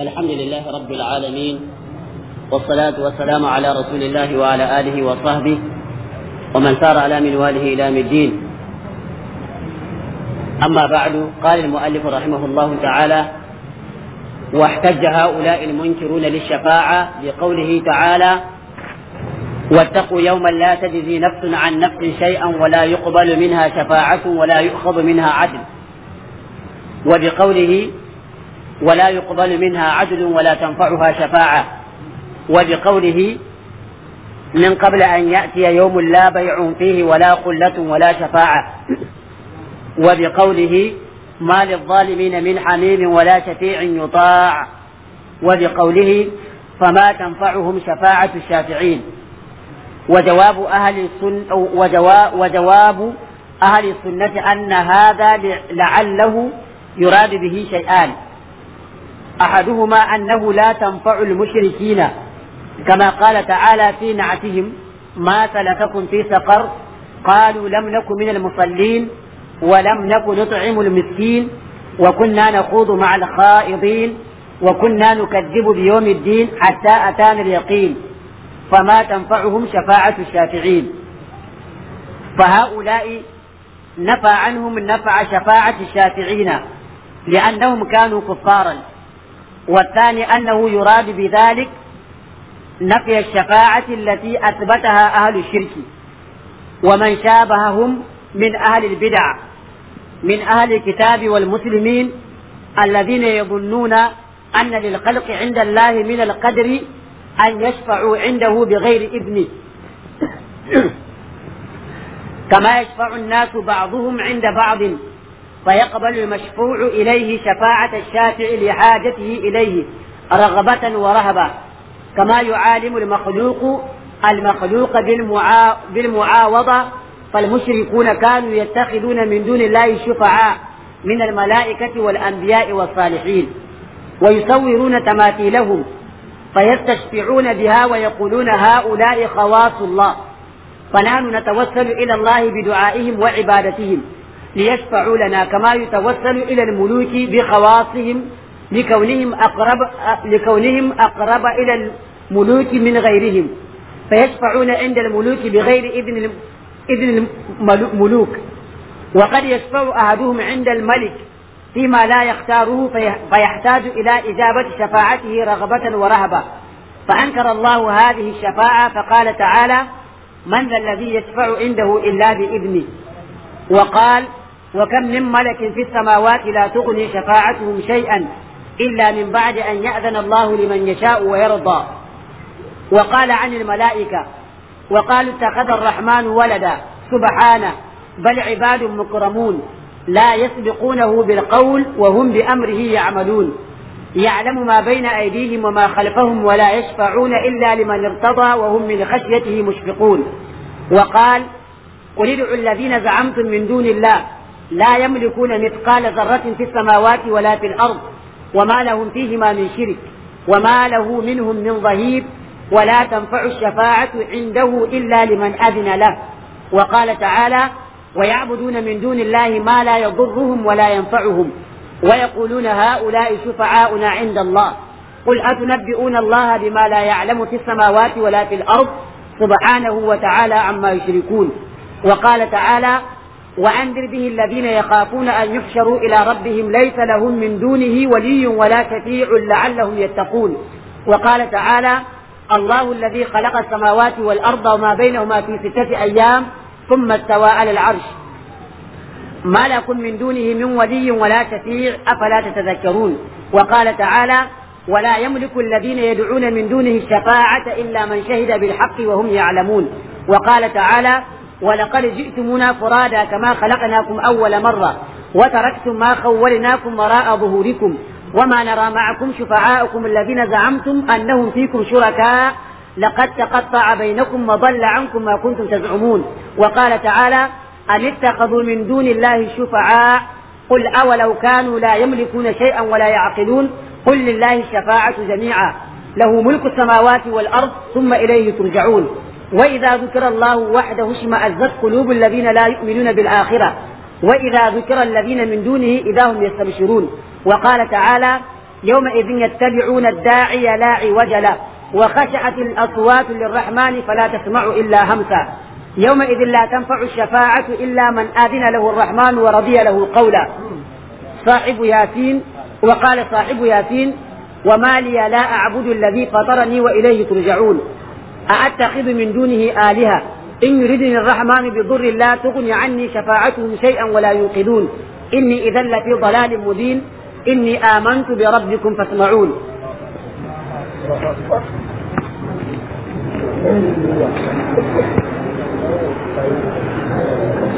الحمد لله رب العالمين والصلاة والسلام على رسول الله وعلى آله وصحبه ومن سار على منواله إلى الدين أما بعد قال المؤلف رحمه الله تعالى واحتج هؤلاء المنكرون للشفاعة بقوله تعالى واتقوا يوما لا تجزي نفس عن نفس شيئا ولا يقبل منها شفاعة ولا يؤخذ منها عدل وبقوله ولا يقبل منها عدل ولا تنفعها شفاعة وبقوله من قبل أن يأتي يوم لا بيع فيه ولا قلة ولا شفاعة وبقوله ما للظالمين من حميم ولا شفيع يطاع وبقوله فما تنفعهم شفاعة الشافعين وجواب أهل السنة وجواب, وجواب أهل السنة أن هذا لعله يراد به شيئان أحدهما أنه لا تنفع المشركين كما قال تعالى في نعتهم ما سلككم في سقر قالوا لم نكن من المصلين ولم نكن نطعم المسكين وكنا نخوض مع الخائضين وكنا نكذب بيوم الدين حتى أتانا اليقين فما تنفعهم شفاعة الشافعين فهؤلاء نفى عنهم نفع شفاعة الشافعين لأنهم كانوا كفارا والثاني أنه يراد بذلك نفي الشفاعة التي أثبتها أهل الشرك ومن شابههم من أهل البدع من أهل الكتاب والمسلمين الذين يظنون أن للخلق عند الله من القدر أن يشفعوا عنده بغير إذنه كما يشفع الناس بعضهم عند بعض فيقبل المشفوع إليه شفاعة الشافع لحاجته إليه رغبة ورهبة كما يعالم المخلوق المخلوق بالمعاوضة فالمشركون كانوا يتخذون من دون الله شفعاء من الملائكة والأنبياء والصالحين ويصورون تماثيلهم فيستشفعون بها ويقولون هؤلاء خواص الله فنحن نتوسل إلى الله بدعائهم وعبادتهم ليشفعوا لنا كما يتوسل إلى الملوك بخواصهم لكونهم أقرب لكونهم أقرب إلى الملوك من غيرهم فيشفعون عند الملوك بغير إذن إذن الملوك وقد يشفع أحدهم عند الملك فيما لا يختاره فيحتاج إلى إجابة شفاعته رغبة ورهبة فأنكر الله هذه الشفاعة فقال تعالى من ذا الذي يشفع عنده إلا بإذنه وقال وكم من ملك في السماوات لا تغني شفاعتهم شيئا إلا من بعد أن يأذن الله لمن يشاء ويرضى وقال عن الملائكة وقالوا اتخذ الرحمن ولدا سبحانه بل عباد مكرمون لا يسبقونه بالقول وهم بأمره يعملون يعلم ما بين أيديهم وما خلفهم ولا يشفعون إلا لمن ارتضى وهم من خشيته مشفقون وقال قل ادعوا الذين زعمتم من دون الله لا يملكون مثقال ذرة في السماوات ولا في الأرض وما لهم فيهما من شرك وما له منهم من ظهير ولا تنفع الشفاعة عنده إلا لمن أذن له وقال تعالى ويعبدون من دون الله ما لا يضرهم ولا ينفعهم ويقولون هؤلاء شفعاؤنا عند الله قل أتنبئون الله بما لا يعلم في السماوات ولا في الأرض سبحانه وتعالى عما يشركون وقال تعالى وأنذر به الذين يخافون أن يحشروا إلى ربهم ليس لهم من دونه ولي ولا شفيع لعلهم يتقون وقال تعالى الله الذي خلق السماوات والأرض وما بينهما في ستة أيام ثم استوى على العرش ما لكم من دونه من ولي ولا شفيع أفلا تتذكرون وقال تعالى ولا يملك الذين يدعون من دونه الشفاعة إلا من شهد بالحق وهم يعلمون وقال تعالى ولقد جئتمونا فرادا كما خلقناكم أول مرة وتركتم ما خولناكم وراء ظهوركم وما نرى معكم شفعاءكم الذين زعمتم أنهم فيكم شركاء لقد تقطع بينكم وضل عنكم ما كنتم تزعمون وقال تعالى أن اتخذوا من دون الله شفعاء قل أولو كانوا لا يملكون شيئا ولا يعقلون قل لله الشفاعة جميعا له ملك السماوات والأرض ثم إليه ترجعون وإذا ذكر الله وحده اشمأزت قلوب الذين لا يؤمنون بالآخرة وإذا ذكر الذين من دونه إذا هم يستبشرون وقال تعالى يومئذ يتبعون الداعي لا عوج له وخشعت الأصوات للرحمن فلا تسمع إلا همسا يومئذ لا تنفع الشفاعة إلا من آذن له الرحمن ورضي له قولا صاحب ياسين وقال صاحب ياسين وما لي لا أعبد الذي فطرني وإليه ترجعون أأتخذ من دونه آلهة إن يردني الرحمن بضر لا تغني عني شفاعتهم شيئا ولا ينقذون إني إذا لفي ضلال مبين إني آمنت بربكم فاسمعون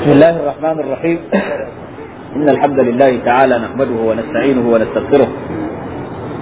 بسم الله الرحمن الرحيم إن الحمد لله تعالى نحمده ونستعينه ونستغفره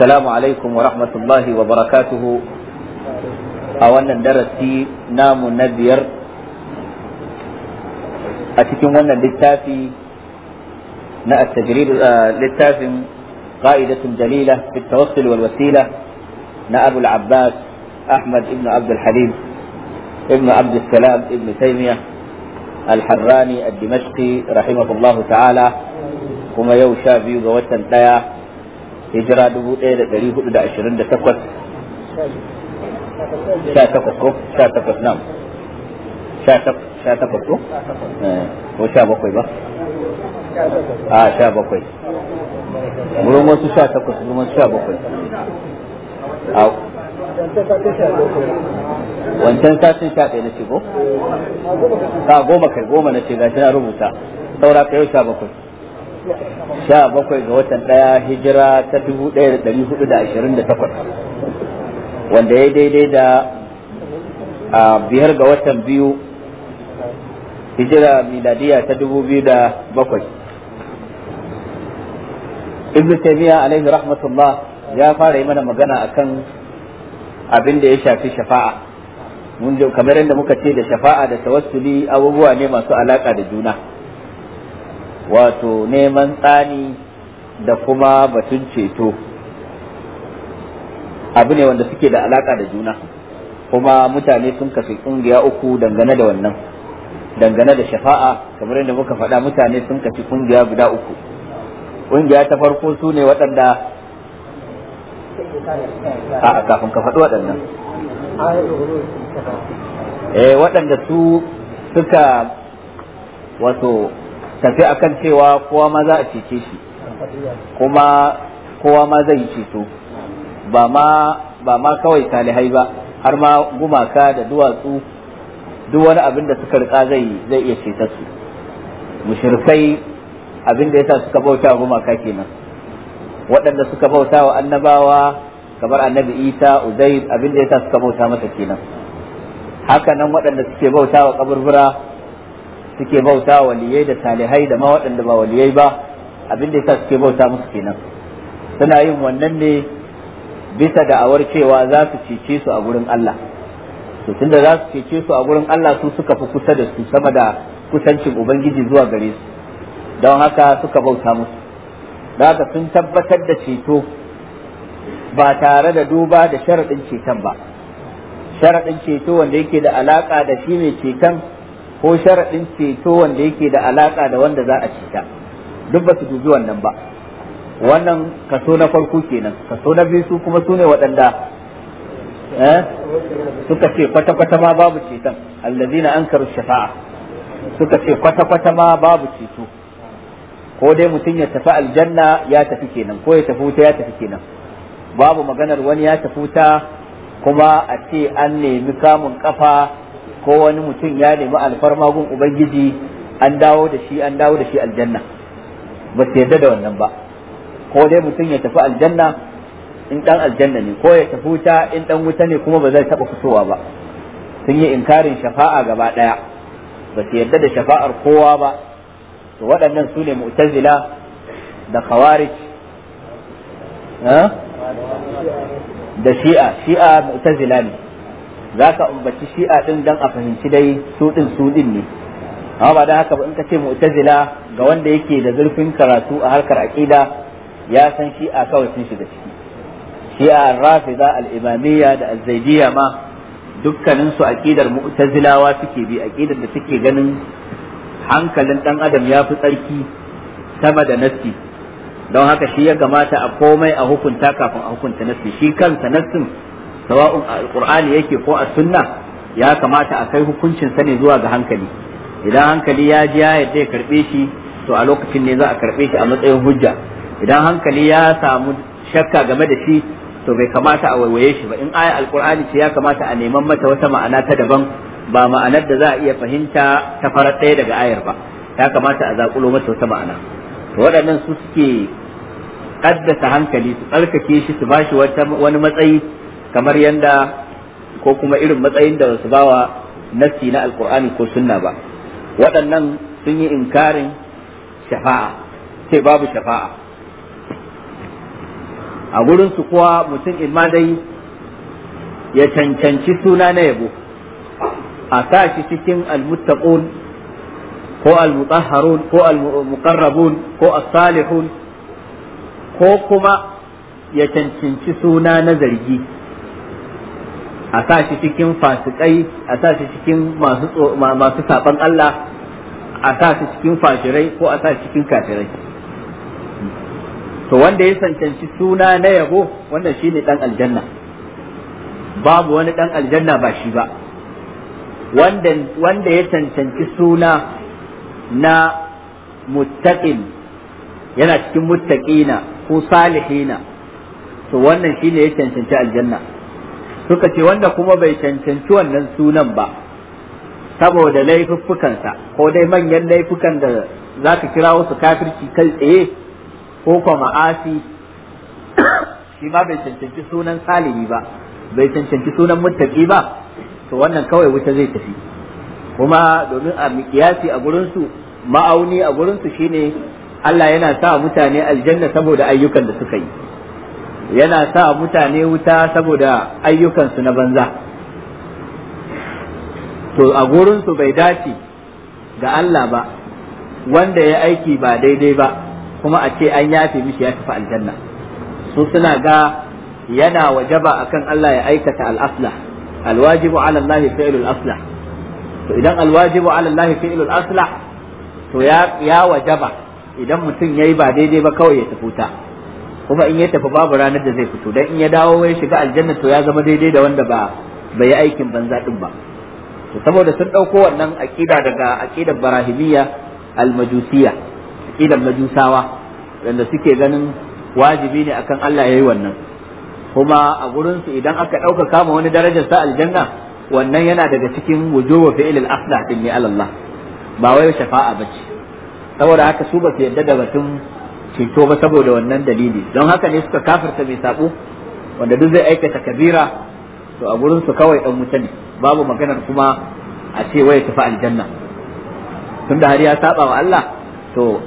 السلام عليكم ورحمة الله وبركاته أولا درسي نام نذير أتكم وانا للتافي نا التجريد للتافي قائدة جليلة في التوصل والوسيلة ناء أبو العباس أحمد ابن عبد الحليم ابن عبد السلام ابن تيمية الحراني الدمشقي رحمه الله تعالى كما يوشى في وتن hijira 1428 takwas ko 18 nan takwas ko eh, ko bakwai ba a bakwai wurin wasu takwas wurin wasu 17 wancan satin sha ɗaya na ce ko? ka goma kai goma na ce gashi na rubuta saura ka yau sha bakwai sha bakwai ga watan ɗaya hijira ta dubu ɗaya da ɗari hudu da ashirin da takwas wanda ya daidai da a biyar ga watan biyu hijira miladiya ta dubu biyu da bakwai ibn taymiya alaihi rahmatullah ya fara yi mana magana akan abin da ya shafi shafa'a mun kamar yadda muka ce da shafa'a da tawassuli abubuwa ne masu alaka da juna wato neman tsani da kuma batun ceto abu ne wanda suke da alaka da juna kuma mutane sun kasu kungiya uku dangane da wannan dangane da shafa'a kamar yadda muka faɗa mutane sun kasu kungiya guda uku kungiya ta farko su ne waɗanda a kafin ka faɗi waɗannan eh, waɗanda su suka wato tafi a kan cewa kowa ma za a cece shi kuma kowa ma zai ceto ba ma kawai talihai ba har ma gumaka da duwatsu duk wani abin da suka rika zai zai iya ceta su mushrikai abin da yasa suka bauta gumaka kenan waɗanda suka bauta wa annabawa kamar annabi isa uzair abin da yasa suka bauta masa kenan haka nan waɗanda suke bauta wa kaburbura suke bauta waliyai da salihai da ma waɗanda ba waliyai ba abin da yasa suke bauta musu kenan suna yin wannan ne bisa da awar cewa za su cece su a gurin Allah to tunda za su cece su a gurin Allah su suka fi kusa da su sama da kusancin ubangiji zuwa gare su don haka suka bauta musu da haka sun tabbatar da ceto ba tare da duba da sharaɗin ceton ba sharaɗin ceto wanda yake da alaƙa da shi mai ceton ko sharaɗin ceto wanda yake da alaƙa da wanda za a ceta duk ba su juju wannan ba wannan kaso na farko kenan kaso na biyu su kuma su ne waɗanda eh, suka ce kwata-kwata ma babu ceton allazina ankaru shafa'a suka ce kwata-kwata ma babu ceto ko dai mutum ya tafi aljanna ya tafi kenan ko ya tafi wuta ya tafi kenan babu maganar wani ya tafi wuta kuma a ce an nemi kamun kafa ko wani mutum ya nemi alfarma gun ubangiji an dawo da shi an dawo da shi aljanna ba su yarda da wannan ba ko dai mutum ya tafi aljanna in dan aljanna ne ko ya tafi wuta in dan wuta ne kuma ba zai taba fitowa ba sun yi inkarin shafa'a gaba daya ba su yarda da shafa'ar kowa ba to waɗannan su ne mu'tazila da khawarij eh? da shi'a shi'a mu'tazila ne za ka ambaci shi'a din dan a fahimci dai su din su din ne amma ba dan haka ba in ka ce mu'tazila ga wanda yake da zurfin karatu a harkar aqida ya san shi'a kawai sun shiga ciki shi'a rafida al-imamiyya da az-zaidiyya ma dukkanin su aqidar mu'tazilawa suke bi aƙidar da suke ganin hankalin ɗan adam ya fi tsarki sama da nassi don haka shi ya gamata a komai a hukunta kafin a hukunta nassi shi kansa nassin sawa'un alqur'ani yake ko a sunna ya kamata a kai hukuncin sa ne zuwa ga hankali idan hankali ya ji ya yadda ya karbe shi to a lokacin ne za a karbe shi a matsayin hujja idan hankali ya samu shakka game da shi to bai kamata a waiwaye shi ba in aya alqur'ani ce ya kamata a neman mata wata ma'ana ta daban ba ma'anar da za a iya fahimta ta farar daga ayar ba ya kamata a zakulo mata wata ma'ana to waɗannan su suke kaddasa hankali su tsarkake shi su bashi wani matsayi kamar yanda ko kuma irin matsayin da su bawa nassi na alkur'ani ko sunna ba waɗannan sun yi inkarin shafa'a ce babu shafa'a a gurinsu kuwa mutum imma dai ya cancanci suna na yabo a sa shi cikin almuttaqun ko almutahharun ko almuqarrabun ko as-salihun ko kuma ya cancanci suna na zargi a sa shi cikin fasikai a sa shi cikin masu masu saban Allah a sa shi cikin fashirai ko a sa shi cikin kafirai to wanda ya sancanci suna na yabo wannan shine dan aljanna babu wani dan aljanna ba shi ba wanda wanda ya cancanci suna na muttaqin yana cikin muttaqina ko salihina to wannan shine ya cancanci aljanna suka ce wanda kuma bai cancanci wannan sunan ba saboda laifuffukansa ko dai manyan laifukan da za ka kira wasu kafirci kai tsaye ko kuma ma'asi shi ma bai cancanci sunan salihi ba bai cancanci sunan muttaki ba to wannan kawai wuta zai tafi kuma domin a miƙiyasi a gurinsu ma'auni a gurinsu shine Allah yana sa mutane aljanna saboda ayyukan da suka yi yana sa mutane wuta saboda ayyukansu na banza to a gurinsu bai dace ga Allah ba wanda ya aiki ba daidai ba kuma a ce an yafe mishi ya tafi aljanna su suna ga yana wajaba akan Allah ya aikata al'asla alwajibu ala Allah fi'lul aslah to idan alwajibu ala Allah fi'lul aslah to ya ya wajaba idan mutum yayi ba daidai ba kawai ya tafi ta kuma in ya tafi babu ranar da zai fito dan in ya dawo ya shiga aljanna to ya zama daidai da wanda ba bai yi aikin banza din ba to saboda sun dauko wannan aqida daga aqidar barahimiyya almajusiyya aqidar majusawa wanda suke ganin wajibi ne akan Allah yayi wannan kuma a gurin su idan aka dauka kama wani darajar sa aljanna wannan yana daga cikin wujubu fi'il al-aslah din ne Allah ba wai shafa'a bace saboda haka su ba su yadda da batun ceto ba saboda wannan dalili don haka ne suka kafirta mai sabo wanda duk zai aikata kabira to a gurin su kawai dan wuta ne babu maganar kuma a ce wai tafi aljanna tunda har ya saba wa Allah to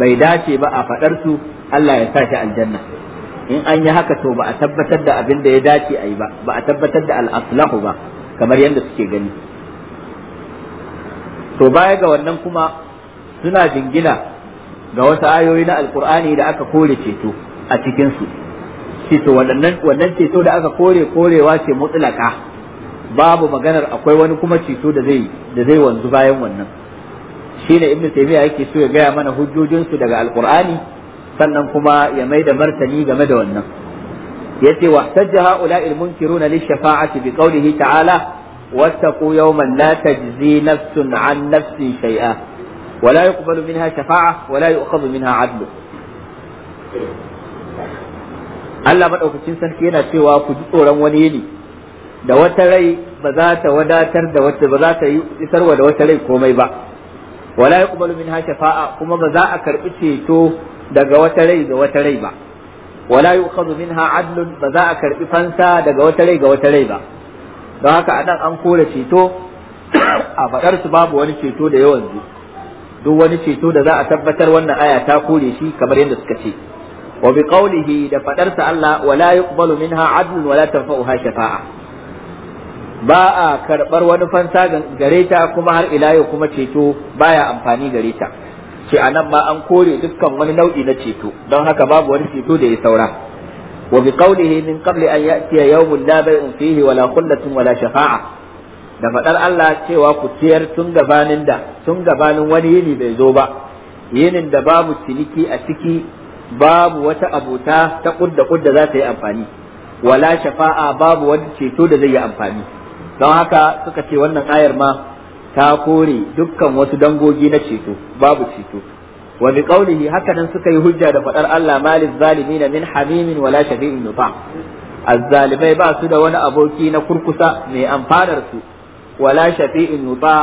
bai dace ba a fadar su Allah ya sa shi aljanna in an yi haka to ba a tabbatar da abin da ya dace a yi ba ba a tabbatar da al'aslahu ba kamar yadda suke gani to baya ga wannan kuma suna jingina ga wasu ayoyi na alkur'ani da aka kore ceto a cikinsu ceto wannan ceto da aka kore korewa ce mutlaka babu maganar akwai wani kuma ceto da zai da zai wanzu bayan wannan shine ibnu taymiya yake so ya gaya mana hujjojinsu daga alkur'ani sannan kuma ya mai da martani game da wannan yace wa tajja haula al munkiruna li bi qawlihi ta'ala wattaqu yawman la tajzi nafsun an nafsin shay'a ولا يقبل منها شفاعة ولا يؤخذ منها عدل Allah maɗaukacin sarki yana cewa ku ji tsoron wani yini da wata rai ba za ta wadatar da wata ba za ta yi isarwa da wata rai komai ba wala yuqbalu minha shafa'a kuma ba za a karbi ceto daga wata rai ga wata rai ba wala yu'khadhu minha adlun ba za a karbi fansa daga wata rai ga wata rai ba don haka a nan an kore ceto a bakar su babu wani ceto da yawan zuwa duk wani ceto da za a tabbatar wannan aya ta kore shi kamar yadda suka ce wa bi qawlihi da fadarsa Allah wala yuqbalu minha adlun wala tanfa'uha shafa'a ba a karbar wani fansa gare ta kuma har ila yau kuma ceto baya amfani gare ta ce anan ma an kore dukkan wani nau'i na ceto don haka babu wani ceto da ya saura wa bi qawlihi min qabli an ya'tiya yawmun la bay'un fihi wala khullatun wala shafa'a da faɗar Allah cewa ku ciyar tun gabanin da tun gabanin wani yini bai zo ba yinin da babu ciniki a ciki babu wata abuta ta kudda kudda za ta yi amfani wala shafa'a babu wani ceto da zai yi amfani don haka suka ce wannan ayar ma ta kore dukkan wasu dangogi na ceto babu ceto wa bi qawlihi hakanan suka yi hujja da faɗar Allah malil zalimin min hamimin wala shafi'in yuta az-zalimai ba su da wani aboki na kurkusa mai amfanar su wala shafi'in yuta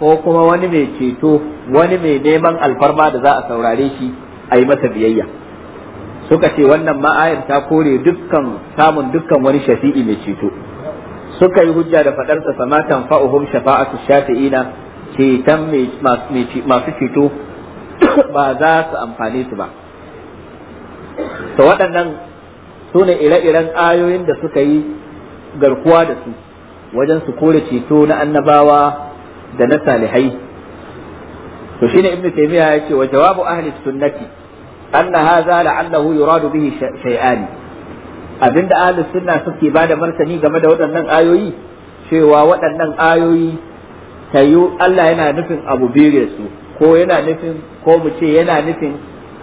ko kuma wani mai ceto wani mai neman alfarma da za a saurare shi a yi masa biyayya suka ce wannan ma'ayar ta kore dukkan samun dukkan wani shafi'i mai ceto suka yi hujja da fadar sa samatan fa'uhum shafa'atu shafi'ina ceton masu ceto ba za su amfane su ba to waɗannan su ne ire-iren ayoyin da suka yi garkuwa da su wajen su kore ceto na annabawa da na salihai to shine ibnu taymiya yace wa jawabu ahli sunnati anna hadha la'allahu yuradu bihi shay'an abinda ahli sunna suke bada martani game da waɗannan ayoyi cewa waɗannan ayoyi tayu Allah yana nufin abu bire su ko yana nufin ko mu ce yana nufin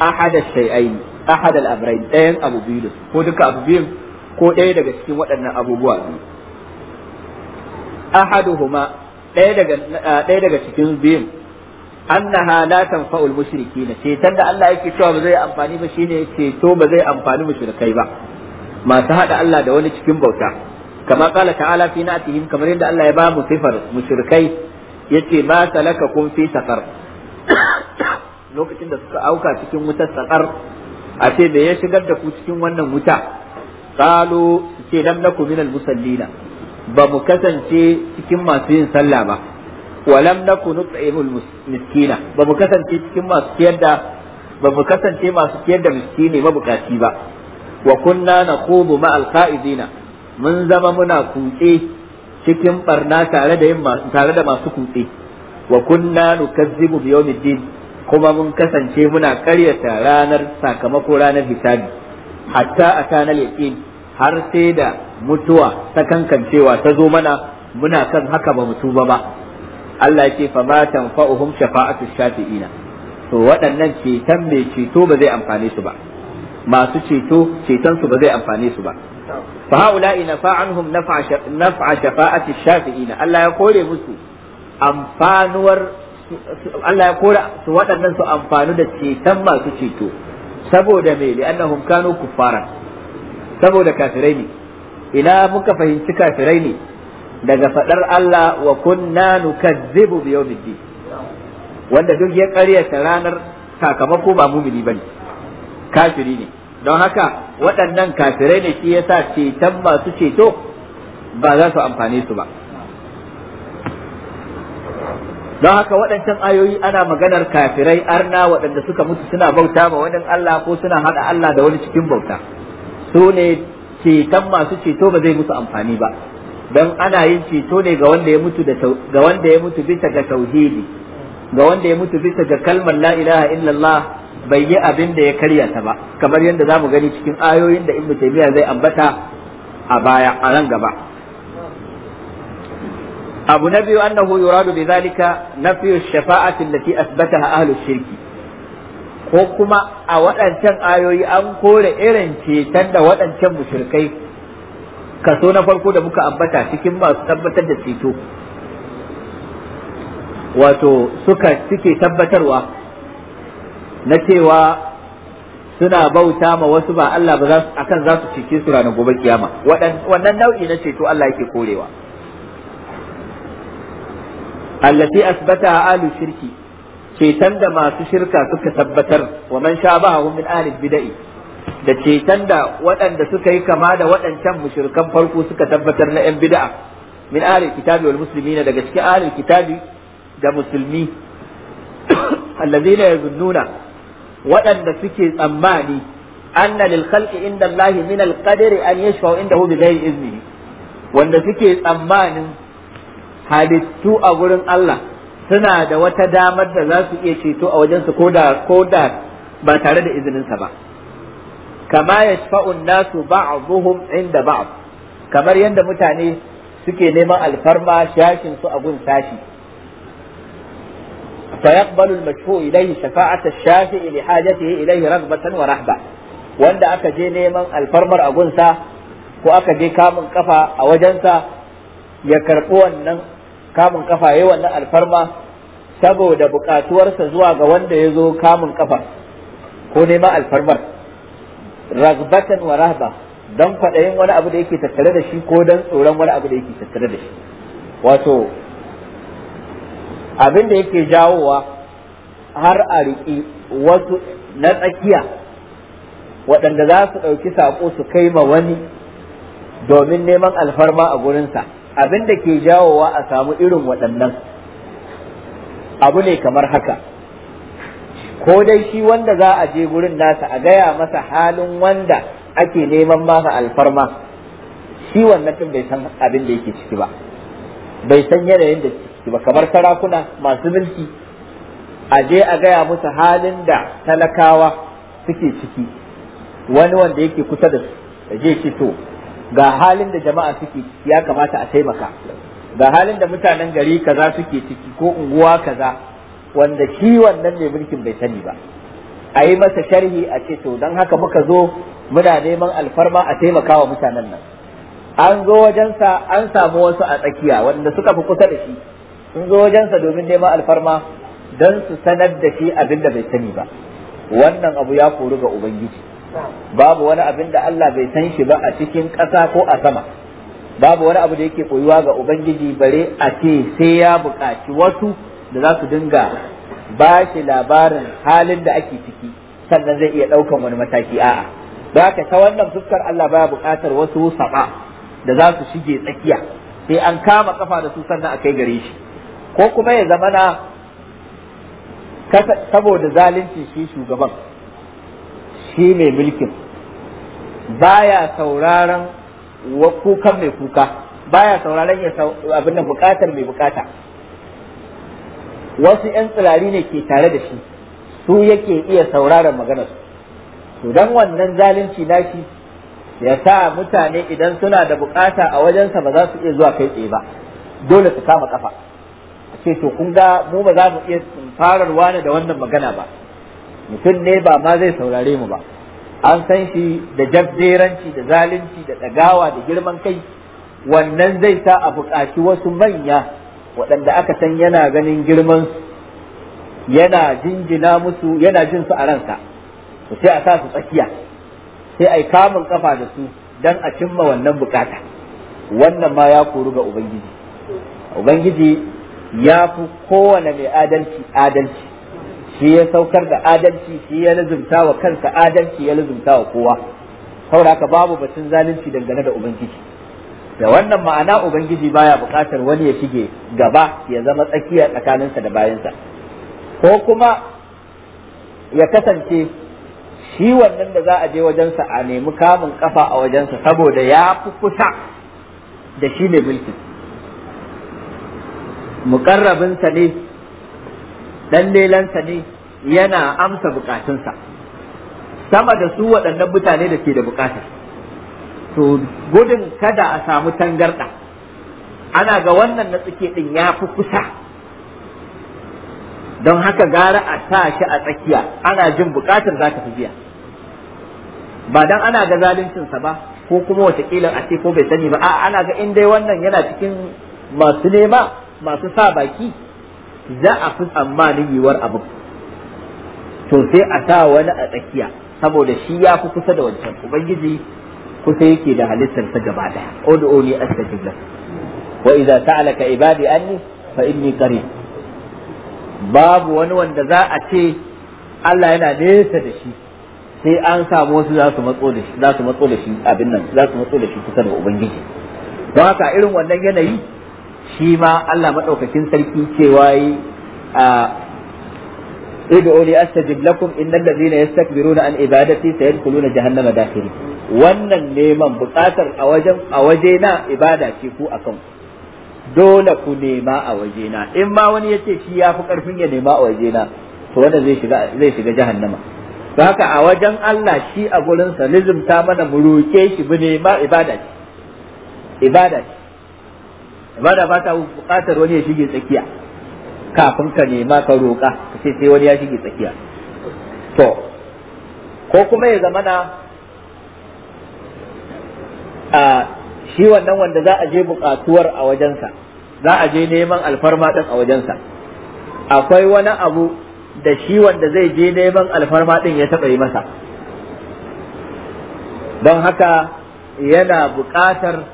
ahada shay'ain al-amrayn ɗayan abu biyu ko duka abu biyu ko ɗaya daga cikin waɗannan abubuwa biyu ahaduhuma ɗaya daga eh, ɗaya daga cikin biyun annaha la tanfa'ul mushrikin ceton da Allah yake cewa ba zai amfani ba shine ceto ba zai amfani mushrikai ba masu hada Allah da wani cikin bauta كما قال تعالى في ya كما عند الله يبام صفر yace ma salaka kun fi سقر lokacin da suka auka cikin wutar sakar a ce me ya shigar da ku cikin wannan wuta qalu ce lam nakum minal musallina ba mu kasance cikin masu yin sallah ba walam naku nut'imul miskina ba mu kasance cikin masu kiyar da ba mu kasance masu kiyar da miskini mabukaci ba wa kunna kubu ma'al kaidina mun zama muna kutse cikin barna tare da tare da masu kutse wa kunna nukazzibu bi yawmiddin kuma mun kasance muna karyata ranar sakamako ranar hisabi hatta atana al-yaqin har sai da mutuwa ta kankancewa ta zo mana muna kan haka ba mutu ba ba Allah ce fa ma tanfa'uhum shafa'atu shafi'ina to waɗannan ceton mai ceto ba zai amfane su ba masu ceto ceton su ba zai amfane su ba fa haula fa anhum naf'a shafa'atu shafi'ina Allah ya kore musu amfanuwar Allah ya kore su waɗannan su amfanu da ceton masu ceto saboda me li'annahum kanu kuffaran saboda kafirai ne ina muka fahimci kafirai ne daga faɗar Allah wa kunna nukazzibu bi yawmiddin wanda duk ya karyata ranar sakamako ba mumini bane kafiri ne don haka waɗannan kafirai ne shi yasa ceton masu ceto ba za su amfane su ba don haka waɗancan ayoyi ana maganar kafirai arna waɗanda suka mutu suna bauta ba wani Allah ko suna haɗa Allah da wani cikin bauta su ne ceton masu ceto ba zai musu amfani ba don ana yin ceto ne ga wanda ya mutu da ga wanda ya mutu bisa ga tauhidi ga wanda ya mutu bisa ga kalmar la ilaha illallah bai yi abin da ya karya ta ba kamar yadda zamu gani cikin ayoyin da ibnu taymiya zai ambata a baya a nan gaba abu na biyu annahu yuradu bi zalika nafyu shafa'ati allati asbataha ahlus shirki ko kuma a waɗancan ayoyi an kore irin ceton da waɗancan mushrikai kaso na farko da muka ambata cikin masu tabbatar da ceto wato suka suke tabbatarwa na cewa suna bauta ma wasu ba Allah ba akan za su cece su ranar gobe kiyama wannan nau'i na ceto Allah yake korewa allati asbata alu shirki ceton da masu shirka suka tabbatar wa man shabahahum min ahli bid'i da ceton da waɗanda suka yi kama da waɗancan mushrikan farko suka tabbatar na yan bid'a min alif kitabi wal muslimina daga cikin alif kitabi da musulmi allazina yazunnuna waɗanda suke tsammani anna lil khalqi inda Allah min al qadri an yashfa'u indahu bi ghairi iznihi wanda suke tsammanin halittu a gurin Allah suna da wata damar da za su iya ceto a wajensu ko da ko da ba tare da izininsa ba kama yashfa'un nasu ba'dhum inda ba'd kamar yadda mutane suke neman alfarma shashin su a gun sashi fa yaqbalu al-mashfu ilayhi shafa'at ash-shafi'i li hajatihi ilayhi raghbatan wa rahba wanda aka je neman alfarmar a gunsa ko aka je kamun kafa a wajensa ya karɓi wannan kamun kafa yayi wannan alfarma saboda bukatuwarsa zuwa ga wanda ya zo kamun kafa ko neman alfarmar ragbatan wa rahba don kwaɗayin wani abu da yake tattare da shi ko don tsoron wani abu da yake tattare da shi wato abin da yake jawowa har a riƙi wasu na tsakiya waɗanda za su ɗauki saƙo su kai ma wani domin neman alfarma a gurinsa abin da ke jawowa a samu irin waɗannan abu ne kamar haka ko dai shi wanda za a je gurin nasa a gaya masa halin wanda ake neman masa alfarma shi wannan tun bai san abin da yake ciki ba bai san yanayin da ciki ba kamar sarakuna masu mulki a je a gaya musu halin da talakawa suke ciki wani wanda yake kusa da su je ce to ga halin da jama'a suke ya kamata a taimaka ga halin da mutanen gari kaza suke ciki ko unguwa kaza wanda shi wannan mai mulkin bai sani ba a yi masa sharhi a ce to don haka muka zo muna neman alfarma a taimaka wa mutanen nan an zo wajensa an samu wasu a tsakiya wanda suka fi kusa da shi sun zo wajensa domin neman alfarma don su sanar da shi abin da bai sani ba wannan abu ya koru ga ubangiji babu wani abin da Allah bai san shi ba a cikin ƙasa ko a sama babu wani abu da yake koyuwa ga ubangiji bare a ce sai ya buƙaci wasu da za su dinga ba shi labarin halin da ake ciki sannan zai iya ɗaukan wani mataki a'a ba ka ta wannan fuskar Allah baya buƙatar wasu saba da za su shige tsakiya sai an kama kafa da su sannan a kai gare shi ko kuma ya zamana saboda zalunci shi shugaban shi mai mulkin baya sauraron kukan mai kuka baya sauraron ya abin da bukatar mai bukata wasu 'yan tsirari ne ke tare da shi su yake iya sauraron maganar su don wannan zalunci nashi ya sa mutane idan suna da bukata a wajensa ba za su iya zuwa kai tsaye ba dole su kama kafa ce to kun ga mu ba za mu iya farar wani da wannan magana ba mutum ne ba ma zai saurare mu ba an san shi da jabberanci da zalunci da dagawa da girman kai wannan zai sa a buƙaci wasu manya waɗanda aka san yana ganin girman yana jinjina musu yana jin su a ransa su sai a sa su tsakiya sai a yi kamun kafa da su don a cimma wannan bukata wannan ma ya koru ga ubangiji ubangiji ya fi kowane mai adalci adalci shi ya saukar da adalci shi ya lazumta wa kansa adalci ya lazumta wa kowa saboda haka babu batun zalunci dangane da ubangiji da wannan ma'ana ubangiji baya buƙatar wani ya shige gaba ya zama tsakiya tsakaninsa da bayansa ko kuma ya kasance shi wannan da za a je wajensa a nemi kamun kafa a wajensa saboda ya fi kusa da shi ne mulkin muƙarrabinsa ne dan lelansa ne yana amsa bukatunsa sama da su waɗannan mutane da ke da bukata to gudun kada a samu tangarɗa ana ga wannan na tsike din ya fi kusa don haka gara a sa shi a tsakiya ana jin bukatar za ta fi biya ba dan ana ga zaluncinsa ba ko kuma watakila a ce ko bai sani ba a ana ga in dai wannan yana cikin masu nema masu sa baki za a fi tsammanin yiwuwar abin to sai a sa wani a tsakiya saboda shi ya fi kusa da wancan ubangiji kusa yake da ta gaba daya ud'uni astajib lak wa idza ta'alaka ibadi anni fa inni qarib babu wani wanda za a ce Allah yana nesa da shi sai an samu wasu za su matso da shi za su matso da shi abin nan za su matso da shi kusa da ubangiji don haka irin wannan yanayi shi ma Allah madaukakin sarki cewa yi a ادعوا لي استجب لكم ان الذين يستكبرون عن wannan neman bukatar a wajen a wajena ibada ce ku akan dole ku nema a wajena in ma wani yace shi yafi karfin ya nema a wajena to wanda zai shiga zai shiga jahannama don haka a wajen Allah shi a gurin sa ta mana mu roke shi mu nema ibada ce ibada ce ibada ba ta buƙatar wani ya shige tsakiya kafin ka nema ka roƙa ka ce sai wani ya shige tsakiya to ko kuma ya na a shi wannan wanda za a je buƙatuwar a wajensa za a je neman alfarma ɗin a wajensa akwai wani abu da shi wanda zai je neman alfarma ɗin ya taɓa yi masa don haka yana buƙatar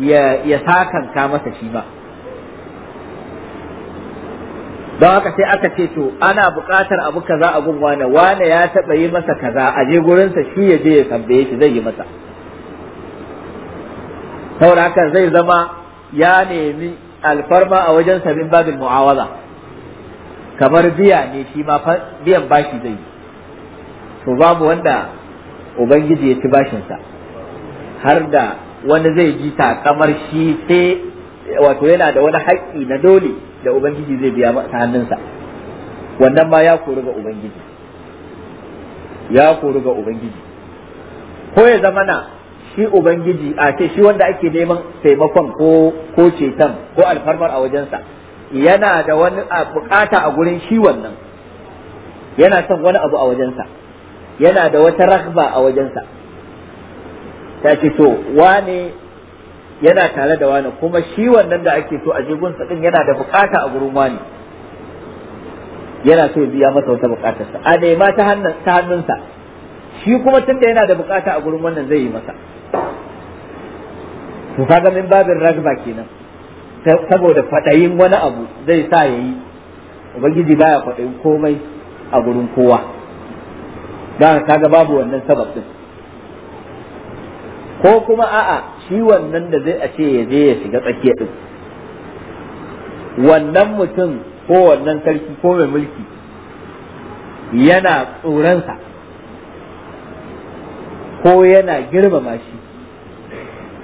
ya ya sakanka masa shi ba don haka sai aka ce to ana buƙatar abu kaza a gun wane wane ya taɓa yi masa kaza a je gurinsa shi ya je ya tambaye shi zai yi masa saboda haka zai zama ya nemi alfarma a wajen sabin babin mu'awaza kamar biya ne shi ma biyan bashi zai yi to babu wanda ubangiji ya ci bashinsa har da wani zai ji takamar shi sai wato yana da wani haƙƙi na dole da ubangiji zai biya masa hannunsa wannan ma ya kori ga ubangiji ya kori ga ubangiji ko ya zama na shi ubangiji a ce shi wanda ake neman taimakon ko ko ceton ko alfarmar a wajensa yana da wani bukata a gurin shi wannan yana son wani abu a wajensa yana da wata ragba a wajensa ta ce to wane yana tare da wani kuma shi wannan da ake so a jigunsa din yana da bukata a gurin wani yana so ya biya masa wata bukatarsa a nema ta hannunsa shi kuma tunda yana da bukata a gurin wannan zai yi masa to kaga min babin ragba kenan saboda fadayin wani abu zai sa ya yi ubangiji baya fadayin komai a gurin kowa da kaga babu wannan sabab din ko kuma a'a shi wannan da zai a ce ya je ya shiga tsakiya din wannan mutum ko wannan sarki ko mai mulki yana tsoronsa ko yana girmama shi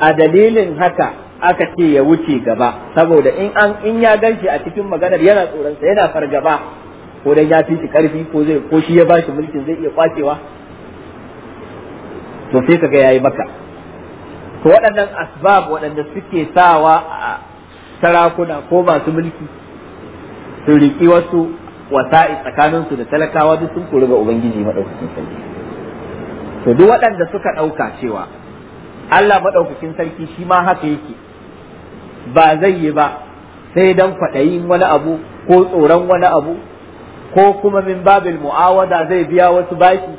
a dalilin haka aka ce ya wuce gaba saboda in an in ya ganshi a cikin maganar yana tsoronsa yana fargaba ko dan ya fi shi karfi ko zai ko shi ya bashi mulkin zai iya kwacewa to sai kaga yayi maka to waɗannan asbab waɗanda suke sawa a sarakuna ko masu mulki Sun riƙi wasu wasa'i tsakaninsu da talakawa duk sun kuri ga ubangiji maɗaukakin sarki to duk waɗanda suka ɗauka cewa Allah maɗaukakin sarki shi ma haka yake ba zai yi ba sai dan kwaɗayin wani abu ko tsoron wani abu ko kuma min babil mu'awada zai biya wasu baki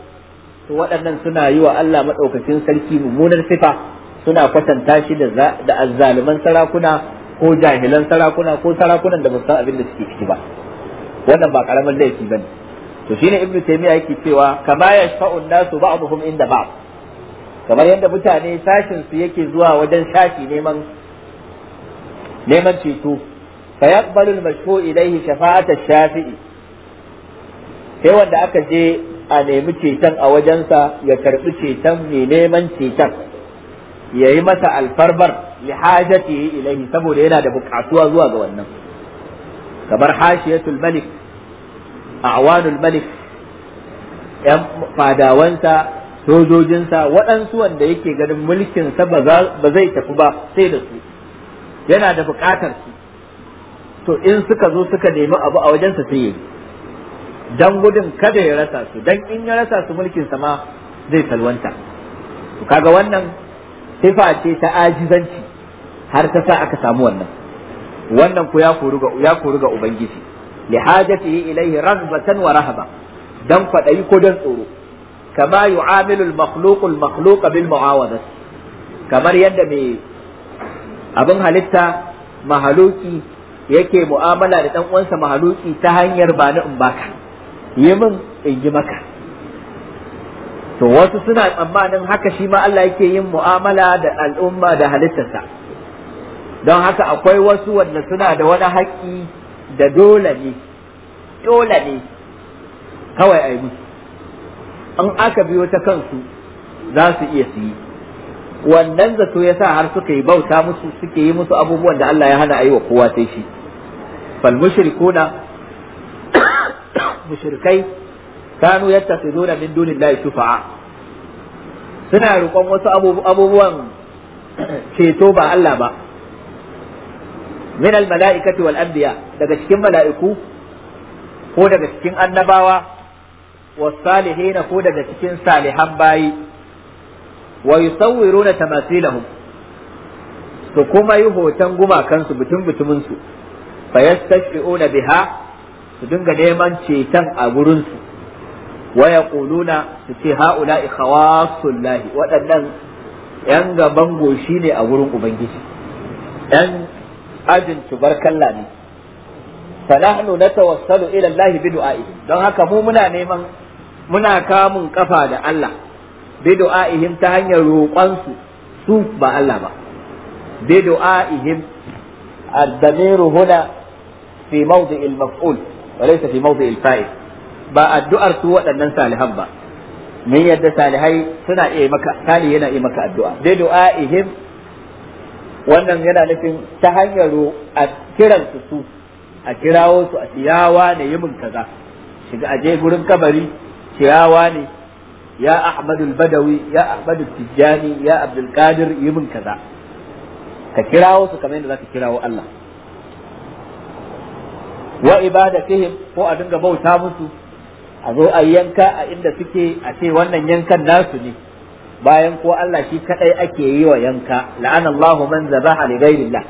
to waɗannan suna yi wa Allah maɗaukakin sarki mummunar sifa suna kwatanta shi da da azzaluman sarakuna ko jahilan sarakuna ko sarakunan da ba san abin da suke ciki ba wannan ba karamin laifi bane to shine ibnu taymiya yake cewa kama yashfa'u nasu ba'dhum inda ba'd kamar yadda mutane sashin su yake zuwa wajen shafi neman neman ceto fa yaqbalu al-mashfu ilayhi shafa'at shafii sai wanda aka je a nemi ceton a wajensa ya karbi ceton mai neman ceton yayi masa alfarbar li hajatihi ilayhi saboda yana da bukatuwa zuwa ga wannan kamar hashiyatul malik awanul malik yan fadawansa sojojinsa waɗansu wanda yake ganin mulkinsa ba zai tafi ba sai da su yana da buƙatar su to in suka zo suka nemi abu a wajensa sai yi dan gudun kada ya rasa su dan in ya rasa su mulkin sa ma zai salwanta kaga wannan sifa ce ta ajizanci har ta sa aka samu wannan wannan ku ya koru ga ya koru ga ubangiji li hajatihi ilayhi raghbatan wa rahaba dan kwadayi ko dan tsoro kama yu'amilu al-makhluqu al-makhluqa bil kamar yadda mai abin halitta mahaluki yake mu'amala da dan uwansa mahaluki ta hanyar bani in baka yi min in ji maka to wasu suna tsammanin haka shi ma Allah yake yin mu'amala da al'umma da halittarsa don haka akwai wasu wanda suna da wani haƙƙi da dole ne dole ne kawai a yi musu an aka biyo ta kansu za su iya su yi wannan zato ya sa har suka yi bauta musu suke yi musu abubuwan da Allah ya hana a yi wa kowa sai shi fal mushrikuna mushrikai kanu yattasizuna min su fa'a, suna roƙon wasu abubuwan ceto ba Allah ba min almala'ikati wal anbiya daga cikin mala'iku ko daga cikin annabawa was salihina ko daga cikin salihan bayi wa yusawwiruna tamasilahum su kuma yi hoton gumakansu butun butumin su fa yastashfi'una biha su dinga neman ceton a gurinsu. Waya yaquluna su ce haula'i khawasullahi waɗannan yan gaban goshi ne a wurin ubangiji yan ajin tubarkalla ne fa nahnu natawassalu ila Allah don haka mu muna neman muna kamun ƙafa da Allah bi ta hanyar roƙonsu su ba Allah ba bi du'a'ihim الضمير هنا في موضع المفعول وليس في موضع الفاعل ba addu'ar su waɗannan salihan ba mun yadda salihai suna iya maka sali yana iya maka addu'a dai du'a'ihim wannan yana nufin ta hanyar a kiran su su a kirawo su a ciyawa ne mun kaza shiga aje gurin kabari ciyawa ne ya ahmadul badawi ya ahmadul tijjani ya abdul qadir yi mun kaza ka kirawo su kamar yadda zaka kirawo Allah wa ibadatihim ko a dinga bauta musu a zo a yanka a inda suke a ce wannan yankan nasu ne bayan ko Allah shi kadai ake yi wa yanka la'anallahu man zabaha li ghairillah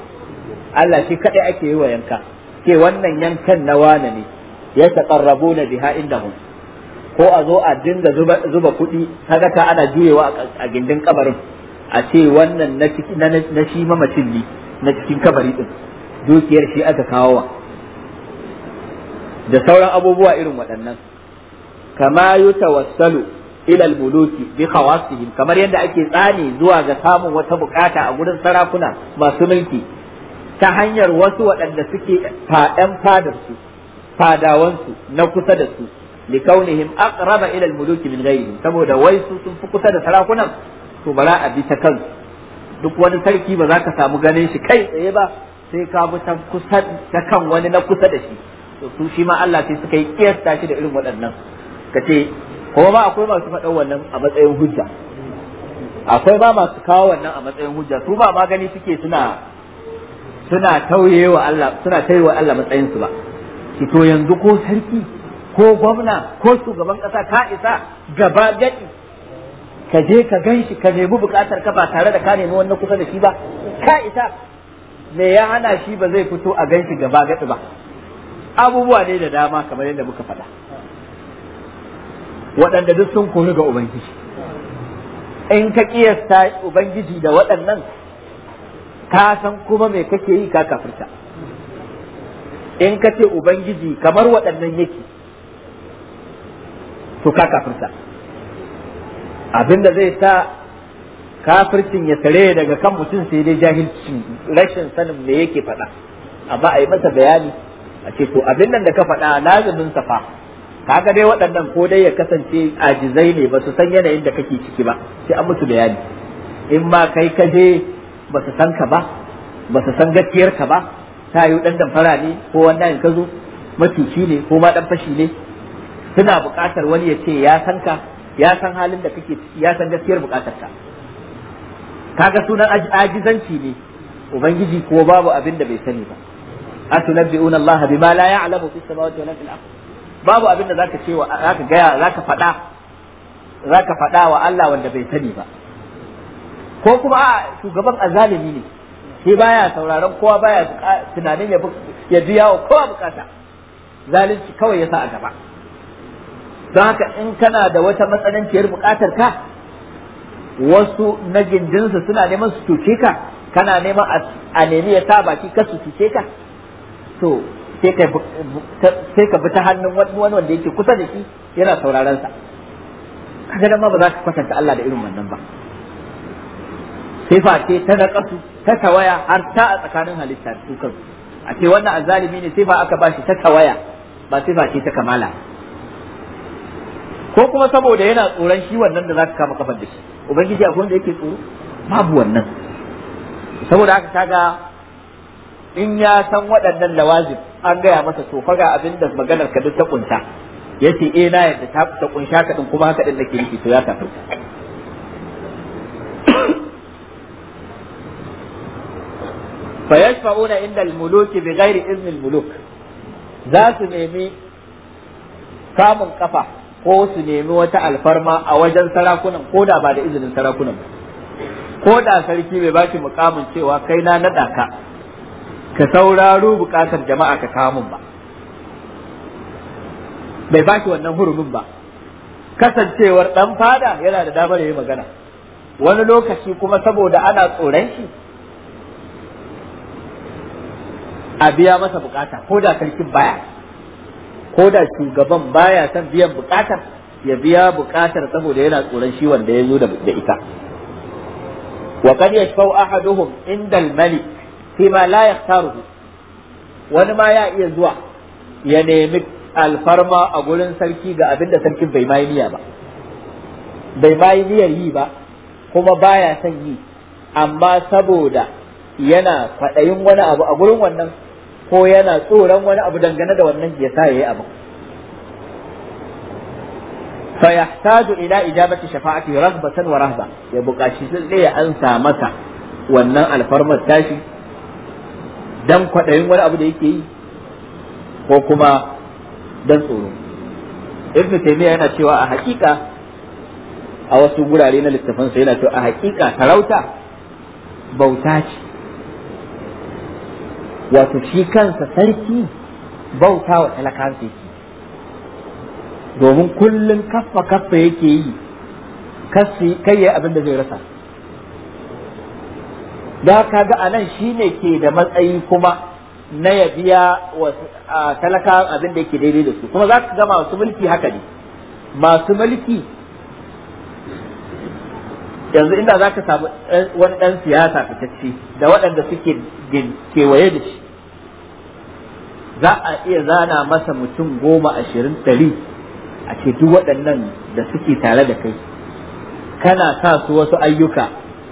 Allah shi kadai ake yi wa yanka ke wannan yankan na wane ne ya taqarrabuna biha indahum ko a zo a dinga zuba kudi kaga ta ana juyewa a gindin kabarin a ce wannan na shi mamacin ne na cikin kabari din dukiyar shi aka kawo da sauran abubuwa irin waɗannan kama yutawassalu ila al-muluki bi khawasihim kamar yadda ake tsani zuwa ga samun wata bukata a gurin sarakuna masu mulki ta hanyar wasu waɗanda suke faɗan fadar su fadawansu na kusa da su likaunihim aqraba ila al-muluki min ghayrihim saboda wai su sun fi kusa da sarakunan to bara a bi ta kansu duk wani sarki ba za ka samu ganin shi kai tsaye ba sai ka bi ta kusa kan wani na kusa da shi to su shi ma Allah sai suka yi kiyasta shi da irin waɗannan kace kuma ba akwai masu faɗan wannan a matsayin hujja akwai ba masu kawo wannan a matsayin hujja su ba magani suke suna suna tauyewa Allah suna tauyewa Allah matsayin su ba su to yanzu ko sarki ko gwamna ko shugaban ƙasa ka isa gaba gadi ka je ka ganshi ka nemi bukatar ka ba tare da ka nemi wannan kusa da shi ba ka isa me ya hana shi ba zai fito a ganshi gaba gadi ba abubuwa ne da dama kamar yadda muka faɗa waɗanda duk sun kunu ga ubangiji in ka ƙiyasta ubangiji da waɗannan ka san kuma mai kake yi ka kafirta in ka ce ubangiji kamar waɗannan yake to ka kafirta abinda zai sa kafircin ya tare daga kan mutum sai dai jahilcin rashin sanin me yake faɗa amma a yi masa bayani a ce to abin nan da ka faɗa lazumin safa kaga dai waɗannan ko dai ya kasance ajizai ne ba su san yanayin da kake ciki ba sai an musu bayani in ma kai ka je ba su san ka ba ba su san gaskiyar ka ba ta yi dan damfara ne ko wannan ka zo matuci ne ko ma dan fashi ne suna buƙatar wani ya ce ya san ka ya san halin da kake ciki ya san gaskiyar buƙatar ka kaga sunan ajizanci ne ubangiji ko babu abin da bai sani ba atunabbi'una Allah bima la ya'lamu fis samawati wa fil ardh babu abin da zaka cewa zaka gaya zaka faɗa zaka faɗa wa Allah wanda bai sani ba ko kuma a shugaban azalimi ne shi baya sauraron kowa baya tunanin ya ya biya wa kowa bukata zalunci kawai ya sa a gaba don haka in kana da wata matsananciyar bukatar ka wasu na gindinsa suna neman su cuce ka kana neman a nemi ya sa baki ka su cuce ka to sai ka bi ta hannun wani wanda yake kusa da shi yana sauraron sa kaga ma ba za ka kwatanta Allah da irin wannan ba fa ce ta kasu, ta tawaya har ta a tsakanin halitta su kansu a ce wannan azalimi ne sai fa aka bashi ta tawaya ba fa ce ta kamala ko kuma saboda yana tsoron shi wannan da zaka kama kafar da shi ubangiji akwai wanda yake tsoro babu wannan saboda haka kaga in ya san waɗannan lawazim an gaya masa to faga abin da maganar ka duk ta kunta yace eh na yadda ta ta kunsha ka din kuma haka din nake nufi to ya tafi fa yashfa'una inda al-muluk bi ghairi izni al za su nemi kamun kafa ko su nemi wata alfarma a wajen sarakunan ko da ba da izinin sarakunan ko da sarki bai baki mukamin cewa kai na nada ka ka sauraro bukatar jama'a ka kamun ba bai baki wannan hurumin ba kasancewar dan fada yana da damar yayi magana wani lokaci kuma saboda ana tsoron shi a biya masa bukata ko da sarkin baya ko da shugaban baya san biyan bukatar ya biya bukatar saboda yana tsoron shi wanda ya zo da ita wa kad yashfau ahaduhum inda al-malik fi ma la yaktaruhu wani ma ya iya zuwa ya nemi alfarma a gurin sarki ga abinda sarki sarkin bai ma niyya ba bai ma niyyar yi ba kuma baya son yi amma saboda yana kwaɗayin wani abu a gurin wannan ko yana tsoron wani abu dangane da wannan ya sa yayi abu fa yahtaju ila ijabati shafa'ati raghbatan wa rahba ya bukaci sai ya ansa masa wannan alfarmar tashi dan kwaɗayin wani abu da yake yi ko kuma dan tsoro ibnu taymiya yana cewa a hakika a wasu gurare na littafansa yana cewa a hakika sarauta bauta ce wato shi kansa sarki bauta wa talakansa yake domin kullum kaffa kaffa yake yi kai ya abin da zai rasa da kaga anan shine ke da matsayi kuma na yabiya biya wa talaka abin da yake daidai da su kuma za ka ga masu mulki haka ne masu mulki yanzu inda za ka samu eh, wani ɗan siyasa fitacce da waɗanda suke kewaye da shi za a iya zana masa mutum goma ashirin ɗari a ce duk waɗannan da suke tare da kai kana sa su wasu ayyuka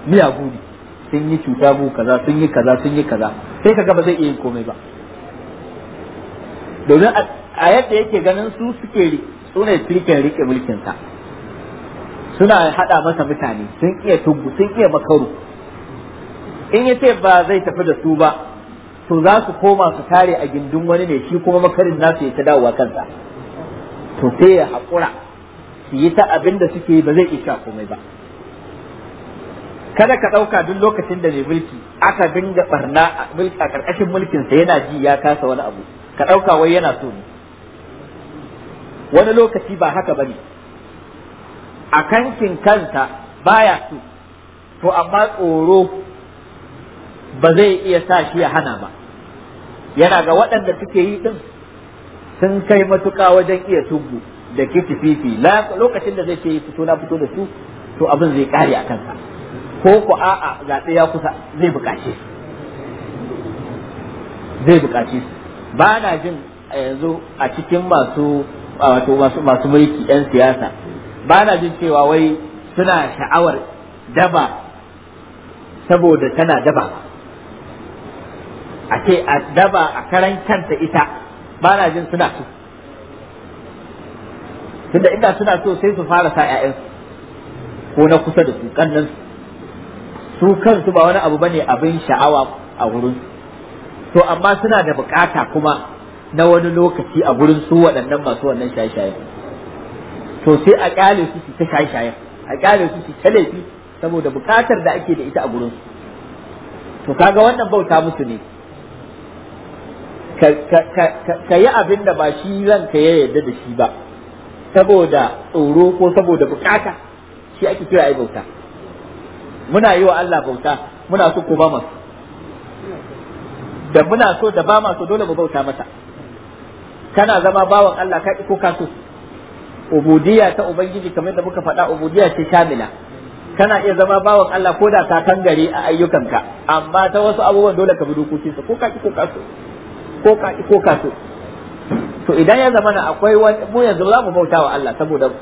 miyagu ne sun yi cuta bu kaza sun yi kaza sun yi kaza sai kaga ba zai iya yin komai ba domin a yadda yake ganin su suke su ne tirkin rike mulkin sa suna hada masa mutane sun iya tubu sun iya makaru in yace ba zai tafi da su ba to za su koma su tare a gindin wani ne shi kuma makarin nasu ya ta dawowa kansa to sai ya haƙura su yi ta abin da suke ba zai iya komai ba kada ka ɗauka duk lokacin da mai mulki aka dinga barna mulki a ƙarƙashin sa yana ji ya kasa wani abu ka ɗauka wai yana so ne wani lokaci ba haka bane a kankin kansa baya so to amma tsoro ba zai iya sa shi ya hana ba yana ga waɗanda suke yi din sun kai matuƙa wajen iya tubu da kitififi lokacin da zai ce fito na fito da su to abin zai kare a kansa ko ku a'a zaɓe ya kusa zai buƙace zai buƙace ba na jin a yanzu a cikin masu wato masu masu mulki yan siyasa ba na jin cewa wai suna sha'awar daba saboda tana daba a ce a daba a karan kanta ita ba na jin suna so tunda inda suna so sai su fara sa 'ya'yansu ko na kusa da su kannansu su kansu ba wani abu bane abin sha'awa a wurin to amma suna da bukata kuma na wani lokaci a gurin su waɗannan masu wannan shaye shaye to sai a kyale su su ta shaye shaye a kyale su su ta laifi saboda bukatar da ake da ita a gurin su to kaga wannan bauta musu ne ka yi abin da ba shi zan ka yarda da shi ba saboda tsoro ko saboda bukata shi ake kira ai bauta muna yi wa Allah bauta muna so ko ba mu da muna so da ba ma dole mu bauta mata. kana zama bawan Allah ka ko ka so ubudiyya ta ubangiji kamar da muka faɗa ubudiyya ce kamila kana iya zama bawan Allah ko da ka kangare a ayyukanka amma ta wasu abubuwan dole ka bi dokokin ko ka ko ka so ko ka ko ka so to idan ya zama akwai wani mu yanzu za mu bauta wa Allah saboda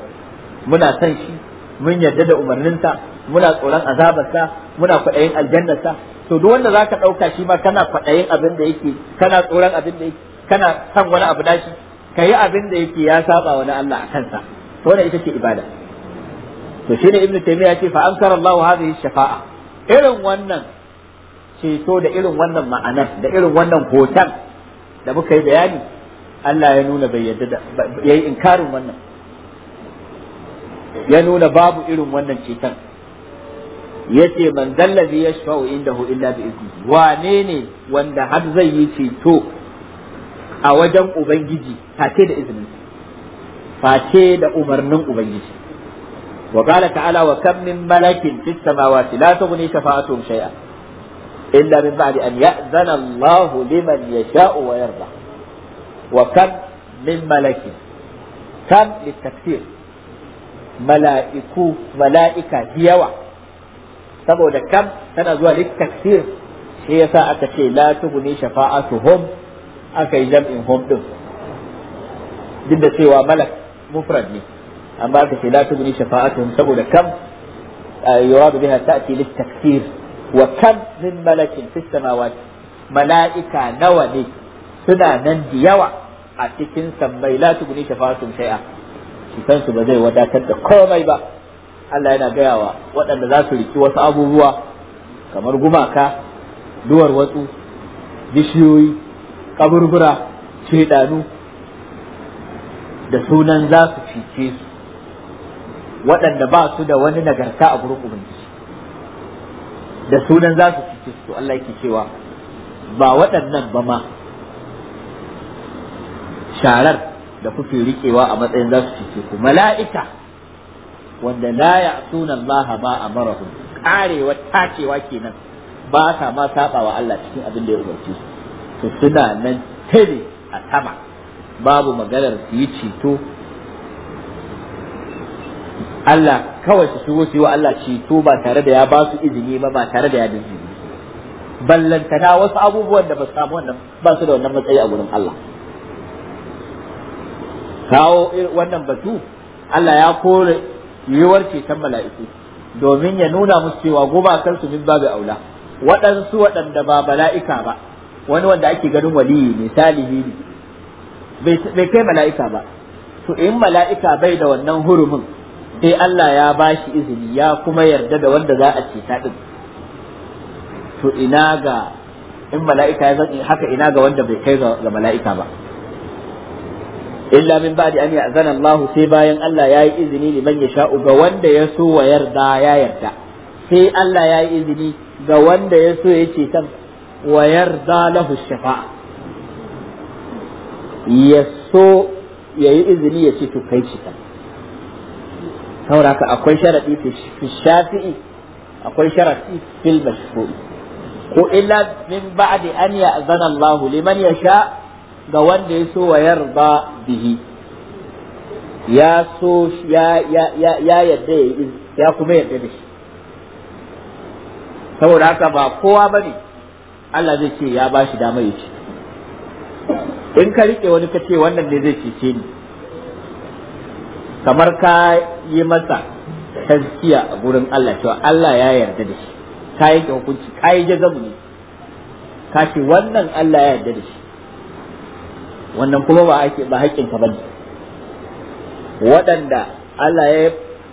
muna san shi mun yarda da umarninsa muna tsoron azabarsa muna kwaɗayin aljannarsa to duk wanda zaka ɗauka shi ma kana kwaɗayin abin da yake kana tsoron abin da yake kana san wani abu da shi ka yi abin da yake ya saba wani Allah a kansa to wannan ita ce ibada to shine ibnu taymiya ce fa ankara Allah hadhihi shafa'a irin wannan ceto da irin wannan ma'anar da irin wannan hoton da muka yi bayani Allah ya nuna bai yarda da yayi inkarin wannan ya nuna babu irin wannan ceton yace man dallazi yashfa'u indahu illa bi iznihi wane ne wanda har zai yi ceto a wajen ubangiji face da izinin face da umarnin ubangiji wa qala ta'ala wa kam min malakin fis samawati la tughni shafa'atuhum shay'a illa min ba'di an ya'zana Allahu liman yasha'u wa yarda wa kam min malakin kam litakfir mala'iku mala'ika yawa saboda kam tana zuwa littaksir shi yasa aka ce la tughni shafa'atuhum aka yi jam'in hum din duk da cewa malak mufrad ne amma aka ce la tughni shafa'atuhum saboda kam yuradu biha ta'ti littaksir wa kam min malakin fis samawati mala'ika nawa ne suna nan da yawa a cikin sammai la tughni shafa'atuhum shay'a shi kansu ba zai wadatar da komai ba Allah yana gaya wa waɗanda za su riki wasu abubuwa kamar gumaka duwar watsu bishiyoyi kaburbura cedanu da sunan za su fice su waɗanda ba su da wani nagarta a gurin da sunan za su fice su Allah yake cewa ba waɗannan ba ma sharar da kuke riƙewa a matsayin za su cece ku mala'ika wanda la ya'suna Allah ma amarahum karewa tacewa kenan ba sa ma saba wa Allah cikin abin da ya umarce su to suna nan tare a sama babu maganar su yi ceto Allah kawai su shigo su yi wa Allah ceto ba tare da ya ba su izini ba ba tare da ya dinji ballantana wasu abubuwan da ba su samu wannan ba su da wannan matsayi a gurin Allah kawo wannan batu Allah ya kore yiwuwar ceton mala'iku domin ya nuna musu cewa goba kansu min babu aula waɗansu waɗanda ba mala'ika ba wani wanda ake ganin waliyi ne salihi ne bai kai mala'ika ba to in mala'ika bai da wannan hurumin sai Allah ya bashi izini ya kuma yarda da wanda za a ceta din to ina ga in mala'ika ya haka ina ga wanda bai kai ga mala'ika ba illa min ba'di an ya'zana Allah sai bayan Allah yayi izini liman yasha'u ga wanda ya so wa yarda ya yarda sai Allah yayi izini ga wanda ya so ya ce kan wa yarda lahu shafa'a ya so yayi izini ya ce to kai shi kan akwai sharadi shafi'i akwai sharadi fil ko illa min ba'di an liman ga wanda ya so wa yarda bihi ya so ya ya ya yadda ya kuma yadda da shi saboda haka ba kowa bane Allah zai ce ya bashi dama ya ce in ka rike wani ka ce wannan ne zai cece ni kamar ka yi masa tazkiya a gurin Allah cewa Allah ya yarda da shi ka yi hukunci ka yi jazamu ne ka ce wannan Allah ya yarda da shi wannan kuma ba ake ba haƙƙin ka bane waɗanda Allah ya